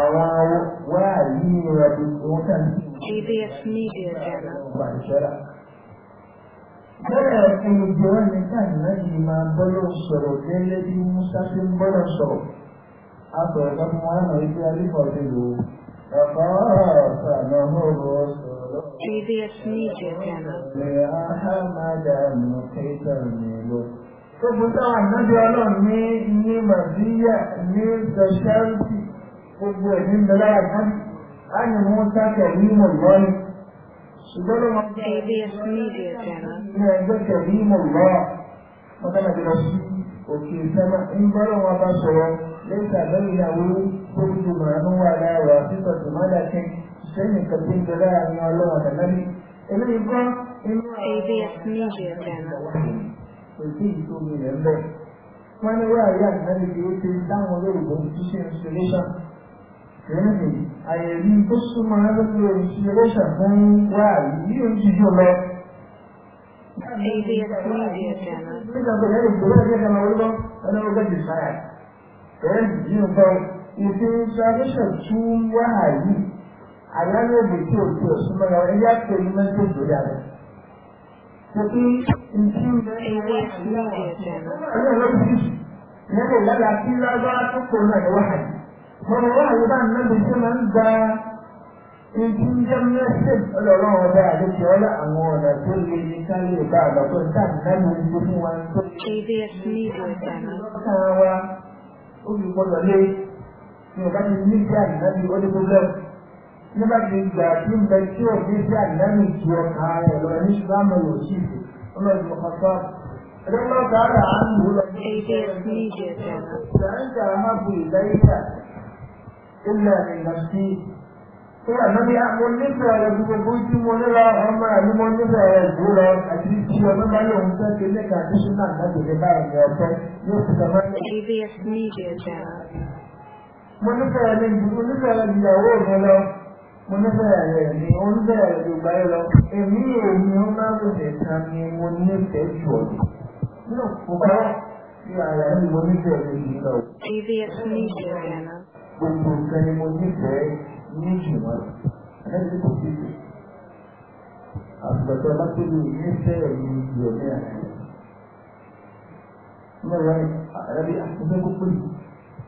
àwọn wáyà yìí rẹ̀ bí wọ́n kà sí. GBS Media Channel. Bẹ́ẹ̀ ni ìjọ ẹni káàdì náà yìí máa bọ́lọ̀ sọ̀rọ̀ délé bí Musa ṣe ń bọ́lọ̀ sọ̀rọ̀. A sọ̀rọ̀ kan fún wọn àmọ̀ ìgbé alífọ̀dé lò. Ẹ̀kọ́ ọ̀sán náà ó rọ̀ ọ́ TBS Media Channel. Gbogbo táwọn ànájọ́ ọlọ́run ní ní Màdíyà ní Sẹ̀ṣẹ́rìtì gbogbo ẹ̀mí mẹ́lá àgbọ̀n. A ní wọ́n sákẹ̀ ní Mọ̀lọ́rin. Ṣùgbọ́n ló máa ń bá ní ẹgbẹ́ kẹ̀mí Mọ̀lọ́wà. Wọ́n dáná ti lọ sí òkè sẹ́mà. Ń bọ́ lọ́wọ́ bá sọ̀rọ̀ lẹ́sà lẹ́yìn ìyàwó tó ń ju màánú wà láàrọ̀ àti tọ̀tù sẹ́yìn kan tí ń bẹ láàrin ọlọ́run àtàlẹ́bí eléyìí kọ́ inú àwọn kò sí ìtòmí rẹ̀ mbẹ́ wọ́n ní wáyé àtàlẹ́bí tí ó ti dáhùn olóògbé ṣíṣe installation lẹ́yìn àyẹ̀rí tó súnmọ́ lórí installation fún wáyé bí ó ti jù lọ. ABS Media Channel. Nígbà tó yẹ ìgbòho ẹgbẹ́ kan lọ́wọ́ lọ́wọ́ ọlọ́wọ́ gẹ́gẹ́ sáyà. Ẹ̀rẹ́ ìdí nǹkan ìfẹ́ installation tún wáyé àyálò èdè tí o ti ọ̀sùn mọ́ yàrá ẹ̀yà tó yí mẹ́tò ìgbéra rẹ̀. Tẹ̀sí ntí ilẹ̀ ìwé ìyá ọ̀sẹ̀ náà ló ti ìyẹn lè lára sí lágbára tó kò náà ìwà hàn. Mo rọ̀ wá àyè bá ń lọ́dún tí máa ń gba ntí jẹ́ mẹ́sẹ̀ ọlọ́rọ̀ ọ̀dà àdókè ọ̀dà àwọn ọ̀dà tó lè ní káyé ìbá àgbàgbọ́ níta nínú ìgbé fún wa tó olùgbọ́dọ̀ lé ní ọ̀gá ti ní ìgbé àyè náà ní ọdún tó bẹ́ẹ̀ nígbà tí ìgbà tí ń bẹ tí ò ní sí àdánù ju ọkà rẹ̀ lọ ní ìsìlámù yóò sì fi ọmọ ìlú kọ̀ọ̀kan. Ẹgbẹ́ ọ̀gáàrà á ń lò lọ sí ilé ẹ̀jẹ̀ ṣàǹkà mábù ìlẹ́yìnà ilẹ̀ ìlàsí. Ó yà mọ́ ní àwọn onífẹ̀ẹ́ rẹ̀ gbogbo tí mo ní lọ ọmọ rẹ̀ ní mo nífẹ̀ẹ́ rẹ̀ jù lọ àti tí ọmọ bá lòun fẹ́ ṣe lẹ́ka tí Súnà Nàgbèrè báyìí ní ọ̀fẹ́ yóò fi sọ mọ́. ABS Media Channel. Mo nífẹ̀ẹ́ rẹ̀ ní ìyàwó mi lọ mo nífẹ̀ẹ́ rẹ̀ ni ó ń bẹ̀rẹ̀ gbogbo ayé lọ èmi èmi ó má lò nìkan ni mo nífẹ̀ẹ́ jù ọ́ ni mo bá fi ara ẹni mo nífẹ̀ẹ́ rẹ̀ yìí lọ. gbogbo nǹkan ni mo nífẹ̀ẹ́ ní ìjùmọ̀ ẹni kò sí sí. àgbàdo alákòlù nífẹ̀ẹ́ mi yọ̀ ní àná. mo rẹ̀ ẹ̀rẹ́ bí àtúntò kúkúrú.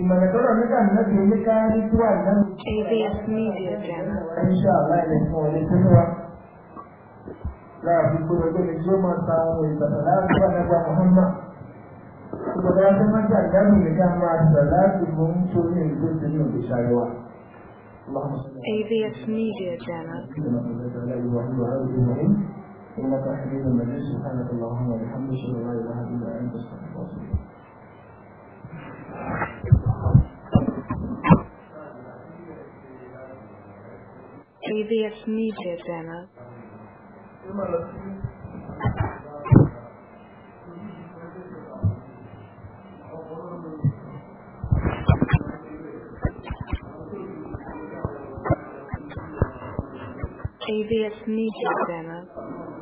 ìmọ̀lẹ̀ tọ́lọ̀ nígbà mẹ́bí oníká ní tó wà lẹ́nu. ABS Media Channel. Insha Allah ilẹ̀ fún ọ̀lẹ́ tó ní wa. Lára fi gbogbo ẹgbẹ́ ni tí ó máa ta àwọn ìgbàgbọ́ láti wà lẹ́gbàá Muhammad. Ìgbàgbọ́ láti máa jà ìdáhùn ilẹ̀ ká máa gbà láti mú ń tó ní ìlú tó ní òde ṣàríwá. ABS Media Channel. إنك حميد مجيد سبحانك اللهم وبحمدك لا إله إلا أنت استغفرك AVS Media Demo. AVS Media Demo.